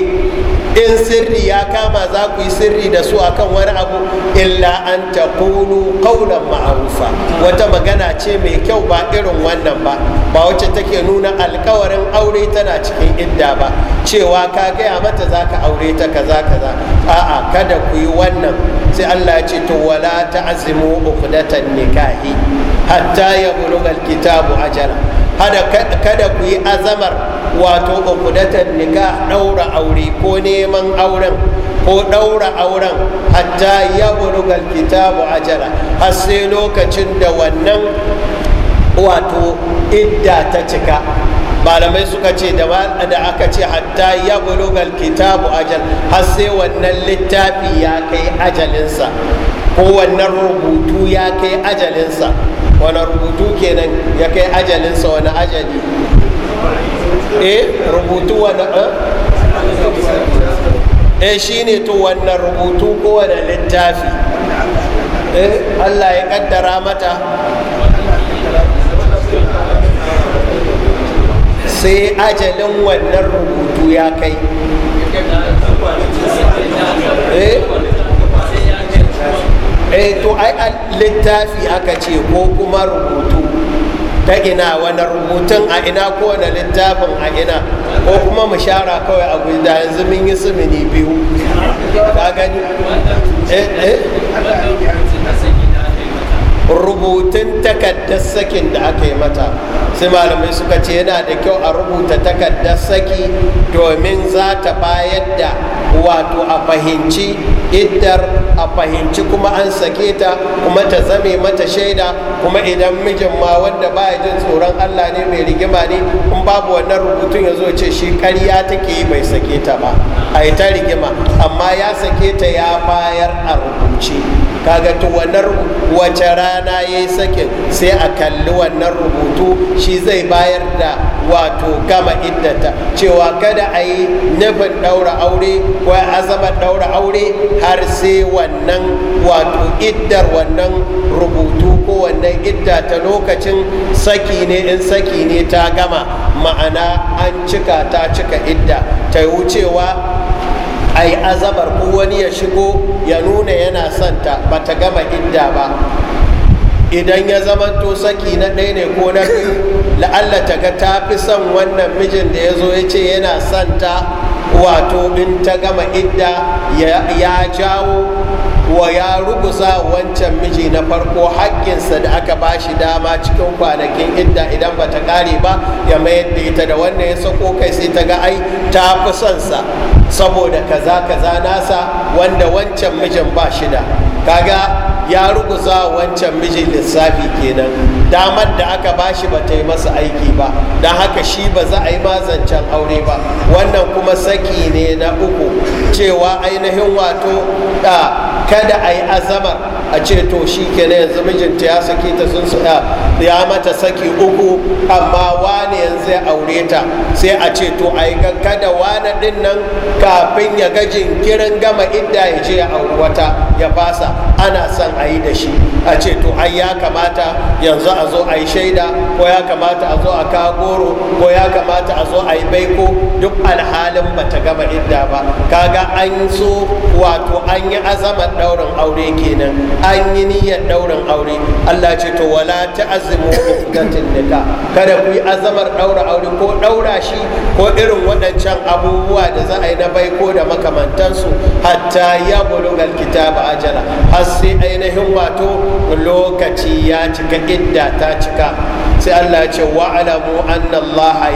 in sirri ya kama za ku yi sirri da su akan wani abu illa an taqulu qawlan ma'rufa wata magana magana ce mai kyau ba irin wannan ba ba wacce take nuna alkawarin aure tana cikin idda ba cewa ka gaya mata za ka aure ta kaza kaza a'a kada ku yi wannan sai allah ya ce to wala azimu ukhdatan nikahi hatta ya bulugal kitabu ajala kada ku yi azamar wato ukudatan nika daura aure ko neman auren ko daura auren hatta ya bulugal kitabu ajala har sai lokacin da wannan wato idda ta cika malamai suka ce da aka ce hatta ya bulugal kitabu ajal har sai wannan littafi ya kai ajalinsa ko wannan rubutu ya kai ajalinsa wani rubutu kenan ya kai ajalinsa wani ajali eh rubutu wani eh, eh shi ne to wannan rubutu ko wani littafi eh allah ya kaddara mata sai ajalin wannan rubutu ya kai eh, eh to ai littafi aka ce ko kuma rubutu ta ina wani rubutun a ina ko wani littafin a ina ko kuma mu shara kawai a guda yanzu mun yi sumini biyu ka gani eh eh rubutun takardar sakin da aka yi mata sai malamai suka ce yana da kyau a rubuta takardar saki domin za ta bayar da wato a fahimci iddar a fahimci kuma an sake ta kuma ta zame mata shaida kuma idan mijin ma wanda baya jin tsoron allah ne mai rigima ne in babu wannan rubutun ya zo ce shi karya take yi bai sake ta ba a yi ta rigima amma ya sake ta ya bayar a rubuce kaga to wannan wace rana ya yi sakin sai a kalli wannan rubutu shi zai bayar da wato gama iddata cewa kada a yi nufin ɗaura aure ko azaman ɗaura aure har sai wannan wato iddar wannan rubutu ko wannan idda ta lokacin saki ne in saki ne ta gama ma'ana an cika ta cika idda ta wucewa a yi azabar ko wani ya shigo ya nuna yana santa ba ta gama idda ba idan ya zamanto saki na ɗaya ne ko na biyu la'alla ta ga ta fi son wannan mijin da ya zo ya ce yana santa wato in ta gama idda ya jawo wa ya rubuza wancan miji na farko hakkinsa da aka ba shi dama cikin kwanakin idda idan ba ta ƙare ba ya mayar da ita da wannan ya sako kai sai ta ga ai ta fi son sa saboda kaza kaza nasa wanda wancan mijin ba shida kaga ya ruguza wancan mijin lissafi kenan damar da aka bashi ba ta yi masa aiki ba don haka shi ba za a yi zancen aure ba wannan kuma saki ne na uku cewa ainihin wato da kada a yi azama a ce to shi kenan yanzu mijinta ya saki ta sun suna ya mata saki uku amma wane yanzu ya aure ta sai a ce to a yi kada wane din nan kafin ya ga kiran gama idda ya je ya auri wata ya fasa ana son a yi da shi a ce to ai ya kamata yanzu a zo a yi shaida ko ya kamata a zo a kawo goro ko ya kamata a zo a yi baiko duk alhalin bata gama idda ba kaga an so wato an yi azama alamar ɗaurin aure kenan an yi niyyar ɗaurin aure Allah ce to wala ta azumu uqdatin kada ku yi azamar ɗaura aure ko ɗaura shi ko irin waɗancan abubuwa da za a yi na baiko da makamantansu hatta ya bulugal kitaba ajala har sai ainihin wato lokaci ya cika idda ta cika sai Allah ce wa alamu anna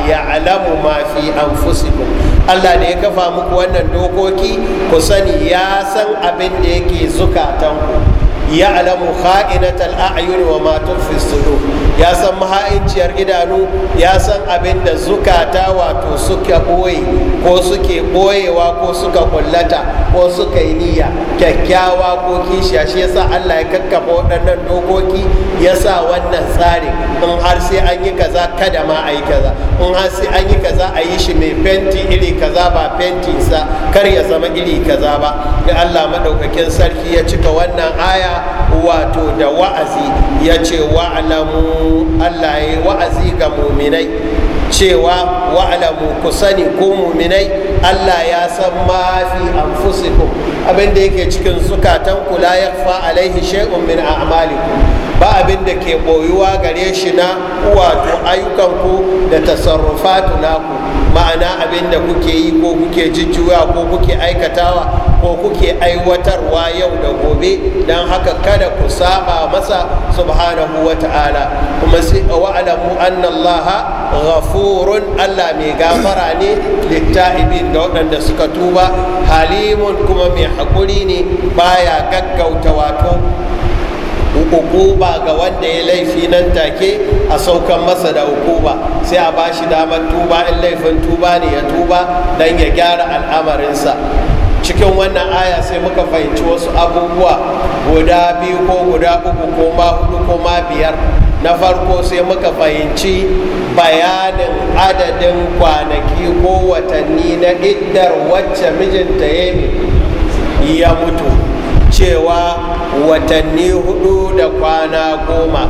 ya alamu ma fi anfusikum Allah da ya kafa muku wannan dokoki ku sani ya san abin da yake zukatanku ya'lamu kha'inatal a'yun wa ma tukhfi sudur ya san mahaiciyar idanu ya san abin da zukata wato suka boye ko suke boyewa ko suka kullata ko suka yi niyya kyakkyawa ko kishiya shi yasa Allah ya kakkafa waɗannan dokoki yasa wannan tsari in har sai an yi kaza kada ma a yi kaza in har sai an yi kaza a yi shi mai fenti iri kaza ba fenti sa kar ya zama iri kaza ba da Allah madaukakin sarki ya cika wannan aya wato da wa'azi ya ce wa'alamu allah ya wa'azi ga muminai cewa wa'alamu ku sani ko muminai allah ya san mafi anfusikum abinda yake cikin zukatan ku la yakfa alaihi shay'un min a'malikum ba abin da ke boyuwa gare shi na wato ayyukanku da tasarrufatu naku ma'ana abin da kuke yi ko kuke jujjuya ko kuke aikatawa ko kuke aiwatarwa yau da gobe don haka kada ku saba masa subhanahu wa ta'ala kuma sai a wa'alamu annallaha ghafurun allah mai gafara ne littahibin da waɗanda suka tuba halimun kuma mai haƙuri ne baya gaggauta wato hukuma ga wanda ya laifi nan take a saukan masa da hukuba sai a bashi damar tuba in laifin tuba ne ya tuba don ya gyara al'amarinsa cikin wannan aya sai muka fahimci wasu abubuwa guda biyu ko guda uku ko ma hudu ko ma biyar na farko sai muka fahimci bayanin adadin kwanaki ko watanni na iddar wacce mijinta ya mutu cewa watanni hudu da kwana goma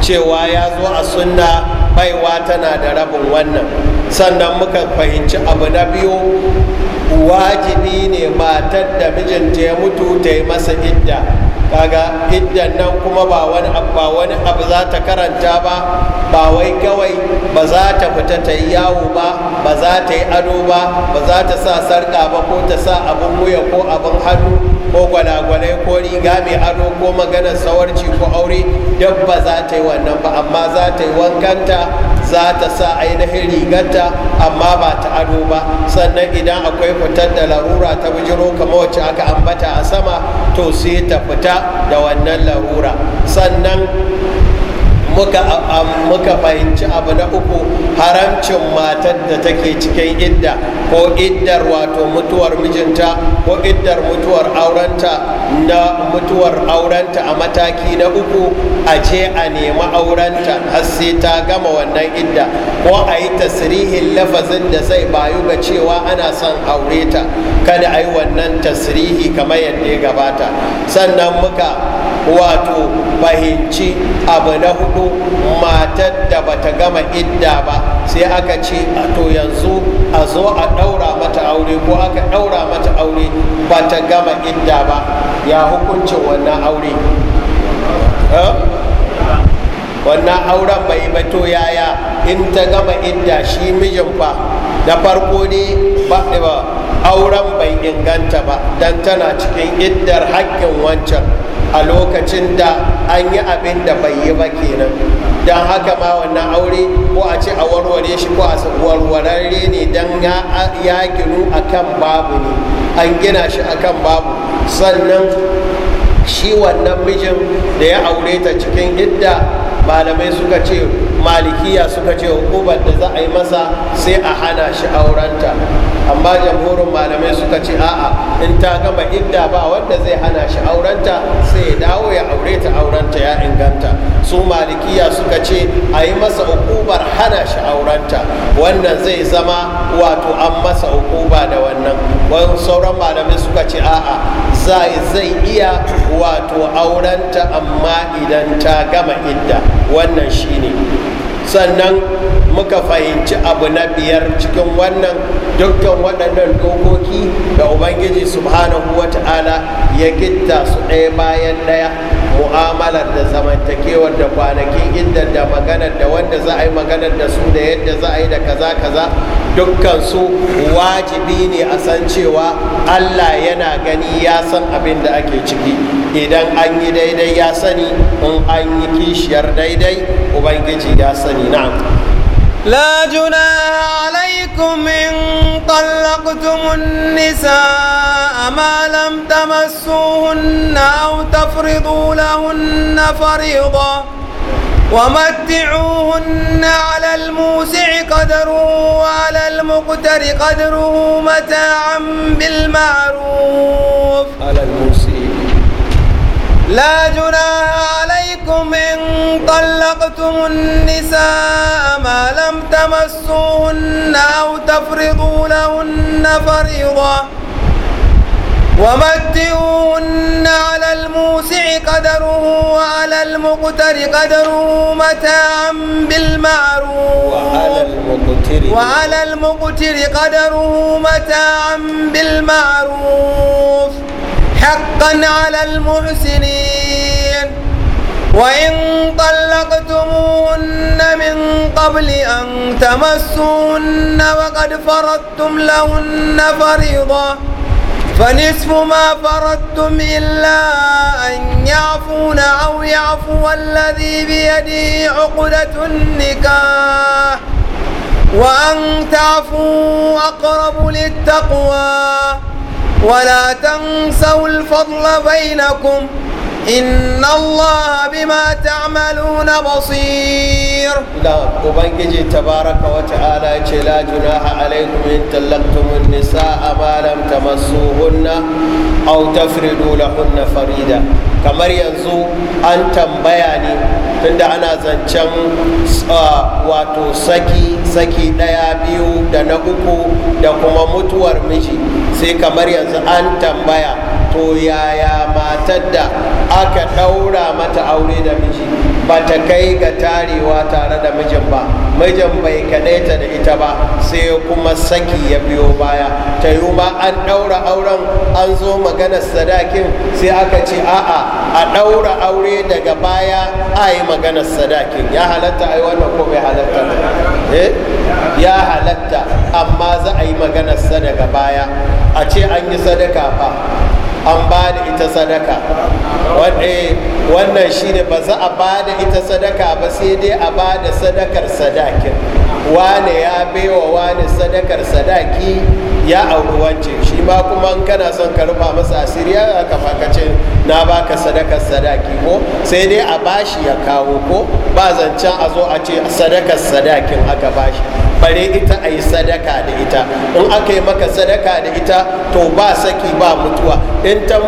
cewa ya zo a sunna baiwa tana da rabin wannan sannan muka fahimci abu na biyu wajibi ne matar da mijinta ya mutu ta yi masa idda kaga idan nan kuma ba ba wani abu za ta karanta ba ba wai kawai ba za ta fita ta yi yawo ba ba za ta yi ado ba ba za ta sa sarka ba ko ta sa abin wuya ko abin hannu ko gwalagwale ko riga mai ado ko maganar sawarci ko aure dabba za ta yi wannan ba amma za ta yi wankanta za ta sa ainihin rigarta amma ba ta ado ba sannan idan akwai fitar da larura ta bijiro kamar wacce aka ambata a sama to sai ta fita da wannan larura sannan muka fahimci abu na uku haramcin matar da take cikin idda ko iddar wato mutuwar mijinta ko iddar mutuwar aurenta na mutuwar aurenta a mataki na uku a ce a nemi aurenta har sai ta gama wannan idda ko a yi tasirihin lafazin da zai bayu ga cewa ana son aure ta kada a yi wannan tasirihi kamar yadda ya gabata sannan muka wato fahimci abu na hudu matar da bata gama idda ba sai aka ce a to yanzu a zo a ɗaura mata aure ko aka ɗaura mata aure bata gama idda ba ya hukuncin wannan aure wannan auren bai bato yaya in ta gama idda shi mijin fa da farko ne ba auren bai inganta ba don tana cikin iddar haƙƙin wancan a lokacin da an yi abin da bai yi ba kenan don haka ma wannan aure ko a ce a warware shi ko a warwararre ne don ya ginu a kan babu ne an gina shi a kan babu sannan shi wannan mijin da ya aure ta cikin idda malamai suka ce malikiya suka ce hukumar da za a yi masa sai a hana shi aurenta amma jamhurin malamai suka ce a'a in ta gama idda ba wanda zai hana shi aurenta sai ya dawo ya aure ta aurenta ya inganta su malikiya suka ce a yi masa hukumar hana shi aurenta wannan zai zama wato an masa hukuma da wannan wani sauran malamai suka ce a'a zai iya wato aurenta amma idan ta gama idda wannan shine sannan muka fahimci abu na biyar cikin wannan dukkan waɗannan dokoki da ubangiji subhanahu wa ta'ala ya gitta su ɗaya bayan ɗaya mu'amalar da zamantakewar da kwanakin inda da maganar da wanda za a yi maganar da su da yadda za a yi da kaza kaza dukkan su wajibi ne a san cewa allah yana gani ya san abin da ake ciki idan an yi daidai ya sani in an yi kishiyar daidai ubangiji ya sani na'am لا جناح عليكم إن طلقتم النساء ما لم تمسوهن أو تفرضوا لهن فريضة ومتعوهن على الموسع قدره وعلى المقتر قدره متاعا بالمعروف على الموسع لا جناح عليكم إن طلقتم النساء ما لم تمسوهن أو تفرضوا لهن فريضة ومتئوهن على الموسع قدره وعلى المقتر قدره متاعا بالمعروف وعلى المقتر وعلى المقتر قدره متاعا بالمعروف حقا على المحسنين وإن طلقتموهن من قبل أن تمسوهن وقد فرضتم لهن فريضة فنصف ما فرضتم إلا أن يعفون أو يعفو الذي بيده عقدة النكاح وأن تعفوا أقرب للتقوى ولا تنسوا الفضل بينكم إن الله بما تعملون بصير لا أبنجي تبارك وتعالى لا جناح عليكم إن طلقتم النساء ما لم تمسوهن أو تفردوا لهن فريدة kamar yanzu an tambaya ne tunda ana zancen wato saki saki ɗaya biyu da na uku da kuma mutuwar miji sai kamar yanzu an tambaya to yaya matar da aka ɗaura mata aure da miji ba ta kai ga tarewa tare da mijin ba mijin bai kaɗaita da ita ba sai kuma saki ya biyo baya ta yi ma an ɗaura auren an zo maganar sadakin sai aka ce a'a a ɗaura aure daga baya a yi maganar sadakin ya halatta a yi wannan ko bai halatta eh? ya halatta amma za a yi maganar sa daga baya a ce an yi sadaka fa an ba da ita sadaka wannan shi ne ba za a ba da ita sadaka ba sai dai a ba da sadakar sadakin wane ya baiwa wane sadakar sadaki ya auri wance shi ba kuma kana son ka masa asiri ya kama ka ce na baka sadakar sadaki ko sai dai a bashi ya kawo ko ba zancen a zo a ce sadakar sadakin aka bashi bare ita a yi sadaka da ita in aka yi maka sadaka da ita to ba saki ba mutuwa in ta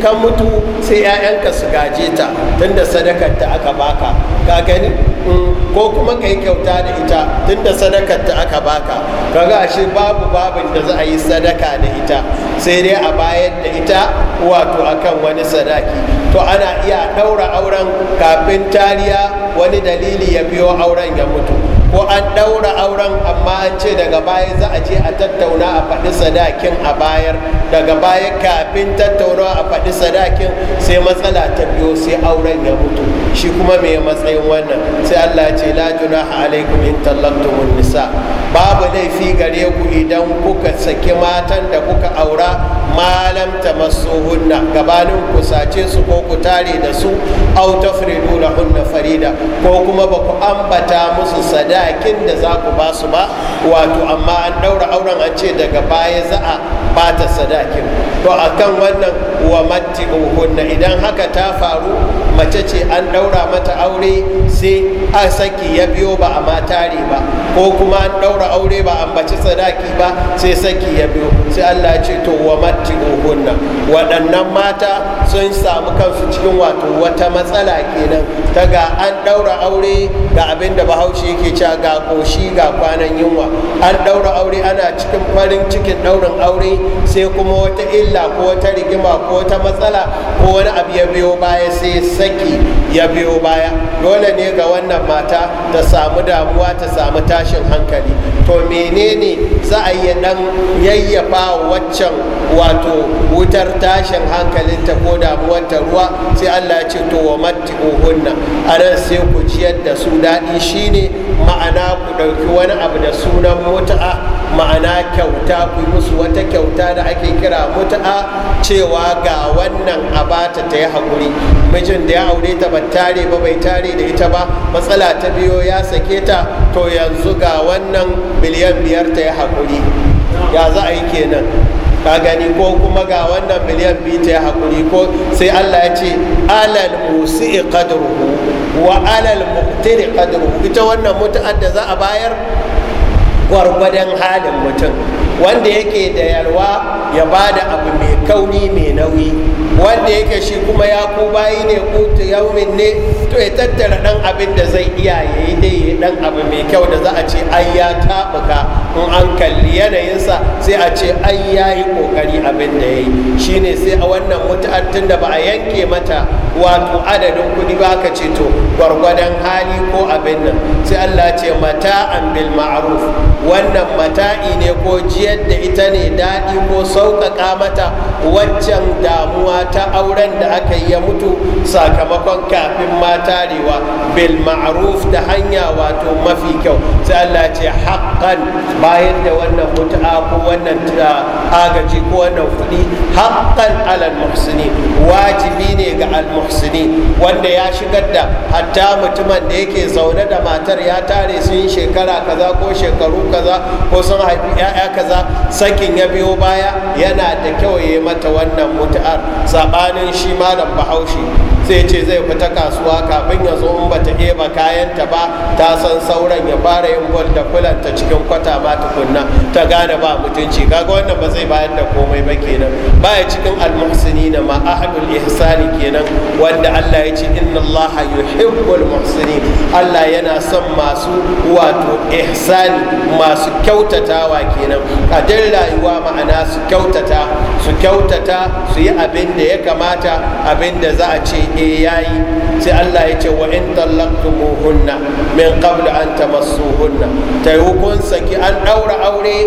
ka mutu sai 'ya'yanka su gaje ta tunda sadakar ta aka baka ka mm, ko kuma ka yi kyauta da ita tunda sadakar ta aka baka ka shi babu babin da za a yi sadaka da ita sai dai a bayar da ita wato akan wani sadaki to ana iya ɗaura auren kafin tariya wani dalili ya biyo auren ya mutu ko an ɗaura auren amma an ce daga baya za a je a tattauna a faɗi sadakin a bayar daga baya kafin tattaunawa a faɗi sadakin sai matsala ta biyo sai auren ya mutu shi kuma mai matsayin wannan sai Allah ya ce la junaha alaikum in tallaqtumun nisa babu laifi gare ku idan kuka saki matan da kuka aura malam tamassuhunna gabanin ku sace su ko ku tare da su aw tafridu lahunna farida ko kuma ba ku ambata musu sadakin da za ku ba su ba wato amma an daura auren an ce daga baya za a bata sadakin to akan wannan wa matti'uhunna idan haka ta faru mace ce an ɗaura mata aure sai a saki ya biyo ba a matare ba ko kuma an ɗaura aure ba mace sadaki ba sai saki ya biyo sai Allah ce to wa matti'uhunna waɗannan mata sun samu kansu cikin wato wata matsala kenan ta ga an ɗaura aure ga abinda bahaushe yake cewa ga koshi ga kwanan yunwa an ɗaura aure ana cikin farin cikin ɗaurin aure sai kuma wata illa ko wata rigima ko wata matsala ko wani abu ya biyo baya sai saki ya biyo baya dole ne ga wannan mata ta samu damuwa ta samu tashin hankali to menene za a yi dan yayyafa waccan wato wutar tashin hankalinta ko ta ruwa sai allah ya ce to wa matti uhunna a sai ku ciyar da su dadi shine ma'ana ku ɗauki wani abu da sunan mutu'a ma'ana kyauta ku musu wata kyauta da ake kira muta'a cewa ga wannan abata ta yi haƙuri mijin da ya aure ta tare ba bai tare da ita ba matsala ta biyo ya sake ta to yanzu ga wannan miliyan biyar ta yi haƙuri ya za a yi kenan ka gani ko kuma ga wannan miliyan biyu ta yi haƙuri ko sai allah ya ce alal musi'i wa alal muqtiri ita wannan mutu'ar da za a bayar gwargwadon halin mutum wanda yake da yalwa ya da abu mai kauri mai nauyi wanda yake shi kuma ya ku bayi ne ta yawmin ne to ya tattara dan abin da zai iya yayi yi dai ya dan abu mai kyau da za a ce ai ya tabuka in an kalli yanayinsa sai a ce ai ya kokari abin da ya shine sai a wannan mutu'ar tun da ba a yanke mata wato adadin kuɗi ba ka ce to gwargwadon hali ko abin nan sai Allah ce mata an bil ma'ruf wannan mata'i ne ko jiyar da ita ne daɗi ko sauƙaƙa mata waccan damuwa ta auren da aka yi ya mutu sakamakon kafin ma tarewa bil ma'ruf da hanya wato mafi kyau sai Allah ce bayan da wannan mutu'a ko wannan ah, agaji ko wannan kuɗi haqqan alal muhsini wajibi ne ga al muhsini wanda ya shigar da hatta mutumin da yake zaune da matar ya tare sun shekara kaza ko shekaru kaza ko sun haifi 'ya'ya kaza sakin ya biyo baya yana da kyau ya mata wannan mutu'ar saɓanin shi malam bahaushe sai ce zai fita kasuwa kafin ya zo in bata ɗeba kayanta ba ta san sauran ya fara yin gol da kulanta cikin kwata ma tukunna ta gane ba mutunci kaga wannan ba zai bayar da komai ba kenan baya cikin almuhsini na ma ahadul ihsani kenan wanda Allah ya ce inna Allah yuhibbul muhsini Allah yana son masu wato ihsani masu kyautatawa kenan a dan rayuwa ma'ana su kyautata su kyautata su yi abin da ya kamata abin da za a ce e eh, yayi sai Allah ya ce wa in tallaqtumuhunna min qabl an tamassuhunna ta yi kun saki an daura aure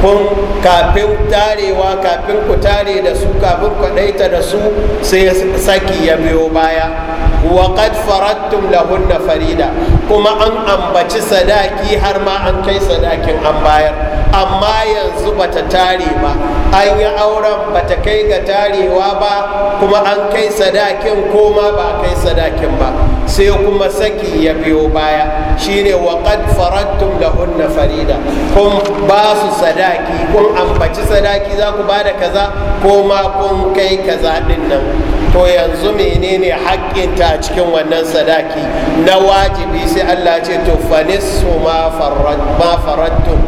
kun kafin tarewa kafin ku tare da su kafin ku daita da su sai saki ya biyo baya وقد فرضتم لهن فريدا كما أن أنبتي صداكي هرما أن كي صداكي أنباير أما ينزبة تاري ما أن يأورا بتكي تاري وابا كما أن كي صداكي كما با كي صداكي با سيكما سكي يبيو بايا شيني وقد فرضتم لهن فريدا كم باس صداكي كم أنبتي صداكي ذاك بعد كذا كما كم كي كذا دنم to yanzu menene haƙƙinta a cikin wannan sadaki na wajibi sai Allah ce to fanisu ma farattum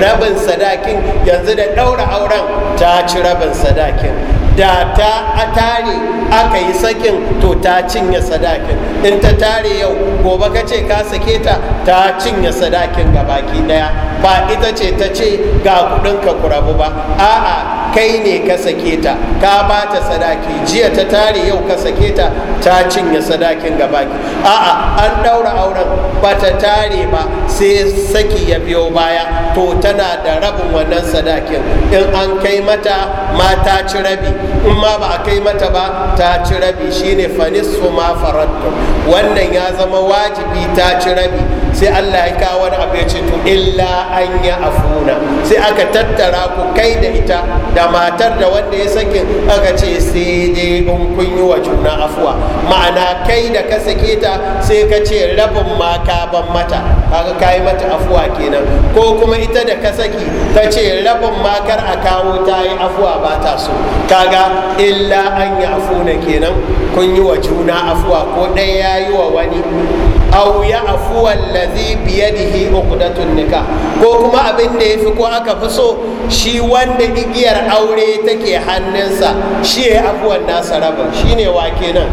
rabin sadakin yanzu da ɗaura auren ta ci rabin sadakin da ta a tare aka yi sakin to ta cinye sadakin in ta tare yau gobe ka ce ka sake ta ta cinye sadakin ga baki daya ba ita ce ta ce ga kudin ka kurabu ba a'a kai ne ka sake ta ka ba ta sadaki jiya ta tare yau ka sake ta ta cinye sadakin ga baki a'a an daura auren ba ta tare ba sai saki ya biyo baya to tana da rabin wannan sadakin in an kai mata mata ci rabi in ma ba a kai mata ba ta ci rabi shine fanisu ma farattu wannan ya zama wajibi ta ci rabi sai Allah ya kawo wani abu ya ce to illa an ya afuna sai aka tattara ku kai da ita da matar da wanda ya saki aka ce sai dai in kun yi wa juna afuwa ma'ana kai da ka sake ta sai ka ce rabin ma ka ban mata haka kai mata afuwa kenan ko kuma ita da ka saki ta ce rabin ma kar a kawo ta yi afuwa ba ta so kaga illa an ya afuna kenan kun yi wa juna afuwa ko ɗaya ya yi wa wani aw ya'fu allazi bi yadihi uqdatun nikah ko kuma abin da yafi ko aka fi so shi wanda igiyar aure take hannunsa shi ya afuwan nasa rabin shine wa kenan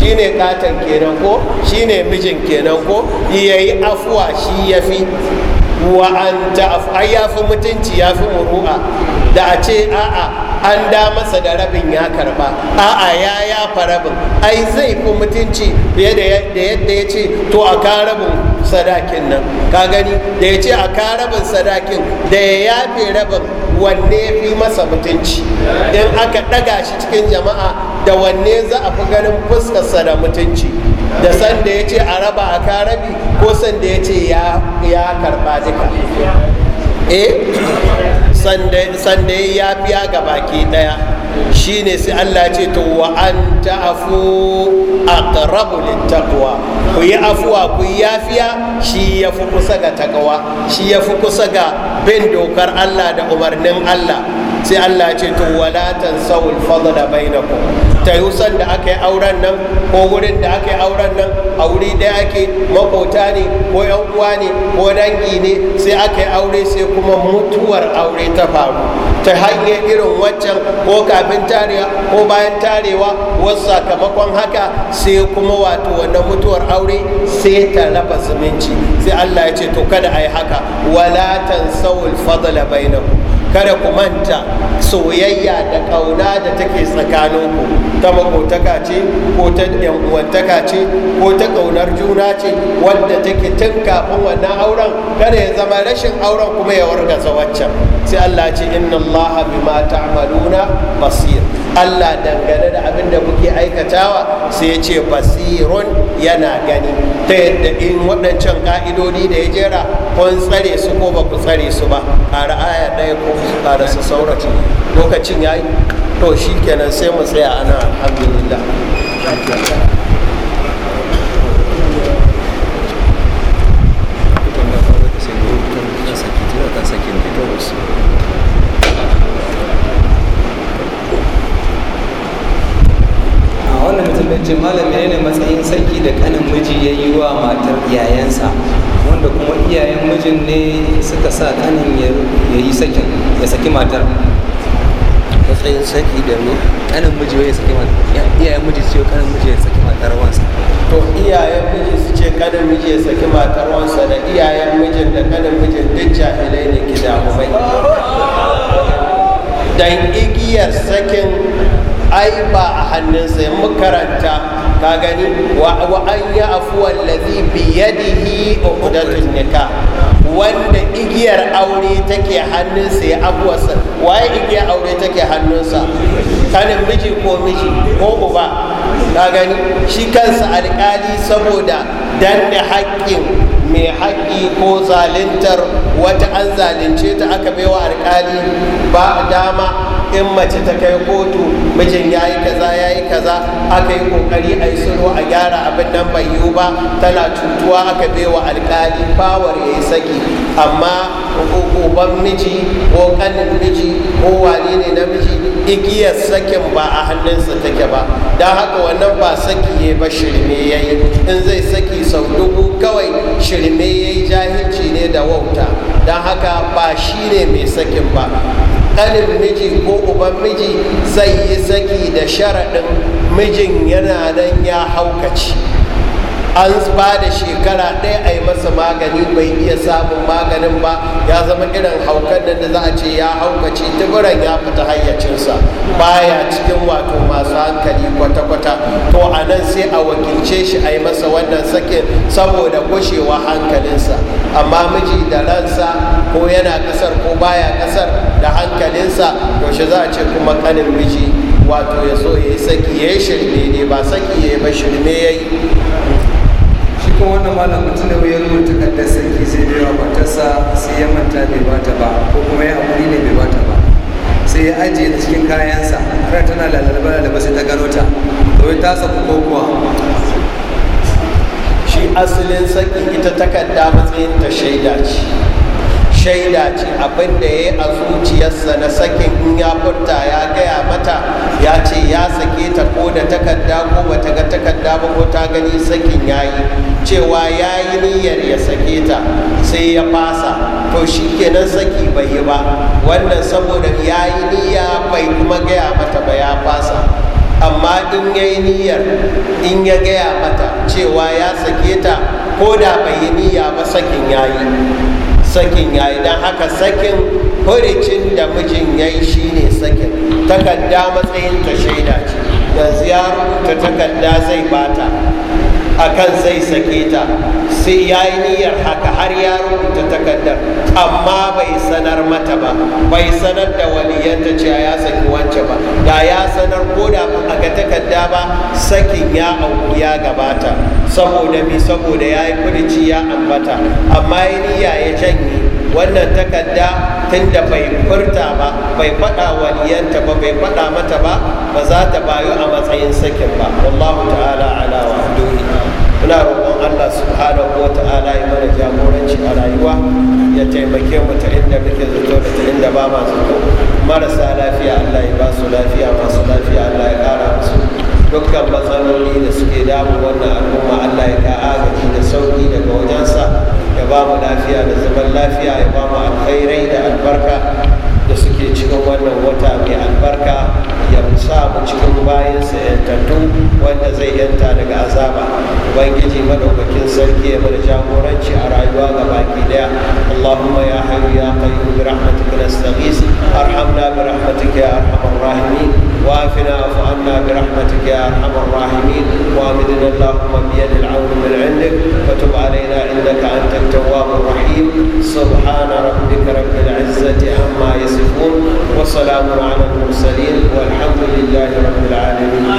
shine katan kenan ko shine mijin kenan ko yayi afuwa shi yafi wa an ta'af ai fi mutunci yafi muru'a da a ce a'a an da masa da rabin ya karba a'a ya yafa rabin ai zai fi mutunci fiye da yadda ya ce to a ka rabin sadakin nan ka gani da ya ce a ka rabin sadakin da ya yafe rabin wanne ya fi masa mutunci in aka ɗaga shi cikin jama'a da wanne za a fi ganin fuskarsa da mutunci da sanda ya ce a raba a ka rabi ko sanda ya ce ya karba duka eh? sanda ya biya ga baki daya shine sai Allah ce to wa an ta'afu aqrabu littaqwa ku yi afuwa ku yi yafiya shi ya fi kusa ga takawa shi ya fi kusa ga bin dokar Allah da umarnin Allah sai Allah ce to wala tansawul fadla bainakum ta yi da aka yi auren nan ko wurin da aka yi auren nan a wuri da ake makota ne ko yan uwa ne ko dangi ne sai aka yi aure sai kuma mutuwar aure ta faru ta hanyar irin waccan ko kafin tarewa ko bayan tarewa wasu sakamakon haka sai kuma wato wannan mutuwar aure sai ta raba zumunci sai allah ya ce to kada a yi haka wala tansawul fadla bainakum kada ku manta soyayya da ƙauna da take tsakaninku ta makotaka ce ko ta uwantaka ce ko ta ƙaunar juna ce wadda take tun kafin wannan auren kada ya zama rashin auren kuma ya wargaza waccan sai Allah ce inna Allah bima ta'maluna basir Allah dangane da abin da kuke aikatawa sai ya ce basirun yana gani ta yadda in waɗancan ƙa'idodi da ya jera kun tsare su ko ba ku tsare su ba a aya ɗaya ko su ƙara su sauratu lokacin ya yi to shi kenan sai mu tsaya ana alhamdulillah da ce malam ne matsayin sarki da kanin miji ya yi wa matar yayansa wanda kuma iyayen mijin ne suka sa kanin ya yi sakin ya saki matar matsayin saki da mu kanin miji ya saki matar iyayen miji ce kanin miji ya saki matar wansa to iyayen miji su ce kanin miji ya saki matar wansa da iyayen mijin da kanin mijin duk jahilai ne gida mai dan igiyar sakin ai ba a hannunsa ya makaranta ka gani wa an yi afuwar lazi biyadihi uqdatun nikah wanda igiyar aure take hannunsa ya abuwarsa waye igiyar aure take hannunsa kanin miji ko miji ko uba ka gani shi kansa alkali saboda danne haƙƙin mai haƙƙi ko zalintar wata an zalunce ta aka baiwa alkali ba dama in mace ta kai kotu mijin ya yi kaza ya yi kaza aka yi kokari a yi sulhu a gyara abin nan bai yiwu ba tana cutuwa aka bai wa alkali bawar ya yi saki amma uban miji ko kanin miji ko wane ne na miji igiyar sakin ba a hannunsa take ba don haka wannan ba saki ya ba shirme ya yi in zai saki sau dubu kawai shirme ya yi jahilci ne da wauta don haka ba shi ne mai sakin ba ƙanin miji ko uban miji zai yi saki da sharaɗin mijin yana nan ya haukaci an ba da shekara ɗaya a yi masa magani bai iya samun maganin ba ya zama irin haukan da za a ce ya haukace tuburan ya fita hayyacinsa baya cikin wato masu hankali kwata-kwata to a nan sai a wakilce shi a yi masa wannan sakin saboda gushewa hankalinsa amma miji da ransa ko yana ƙasar ko baya ƙasar da hankalinsa yaushe za a ce kuma kanin miji wato ya so ya yi saki ya yi shirme ne ba saki ya yi ba shirme ya yi shi kuma wannan malam mutum da ya rubuta da saki sai bai wa matarsa sai ya manta bai bata ba ko kuma ya haƙuri ne bai bata ba sai ya ajiye ta cikin kayansa har tana lalalaba lalalaba sai ta gano ta to ta saku ko kuwa shi asalin saki ita takarda matsayin ta shaida ce shaida ce abin da ya yi a zuciyarsa na sakin in ya furta ya gaya mata ya ce ya sake ta ko da takarda ko ba ga takarda ba ko ta gani sakin ya yi cewa ya yi niyyar ya sake ta sai ya fasa to shi kenan saki bai yi ba wannan saboda ya yi niyya bai kuma gaya mata ba ya fasa amma in ya yi niyyar in ya gaya mata cewa ya sake ta ko da bai yi niyya ba sakin ya yi sakin ya yi don haka sakin furicin da mijin ya yi shi ne sakin takarda matsayin ta shaida ce yanzu ya rubuta takarda zai bata akan zai sake ta sai ya yi niyyar haka har ya rubuta takardar amma bai sanar mata ba bai sanar da waliyanta cewa ya saki wance ba da ya sanar ko da a ga takarda ba sakin ya auku ya gabata saboda bi saboda ya yi kudici ya ambata amma ya niyya ya janye wannan takarda tunda bai furta ba bai faɗa waliyanta ba bai faɗa mata ba ba za ta bayu a matsayin sakin ba wallahu ta'ala ala wa muna roƙon allah subhanahu wa ta'ala ya mana jagoranci a rayuwa ya taimake mu ta inda muke zato da ta inda ba ma zato marasa lafiya allah ya ba su lafiya masu lafiya allah ya ƙara musu dukkan matsaloli da suke damu wannan al'umma allah ya ga agaji da sauƙi daga wajensa ya ba mu lafiya da zaman lafiya ya ba mu alkhairai da albarka cikin wannan wata mai albarka ya sa mu cikin bayan sayantattu wanda zai yanta daga azaba ubangiji madaukakin sarki ya bada jagoranci a rayuwa ga baki daya allahumma ya hayu ya qayyum bi rahmatika nastaghis arhamna bi rahmatika ya arhamar rahimin وافنا وفعلنا برحمتك يا ارحم الراحمين وامدنا اللهم بيد العون من عندك وتب علينا انك انت التواب الرحيم سبحان ربك رب العزه عما يصفون وسلام على المرسلين والحمد لله رب العالمين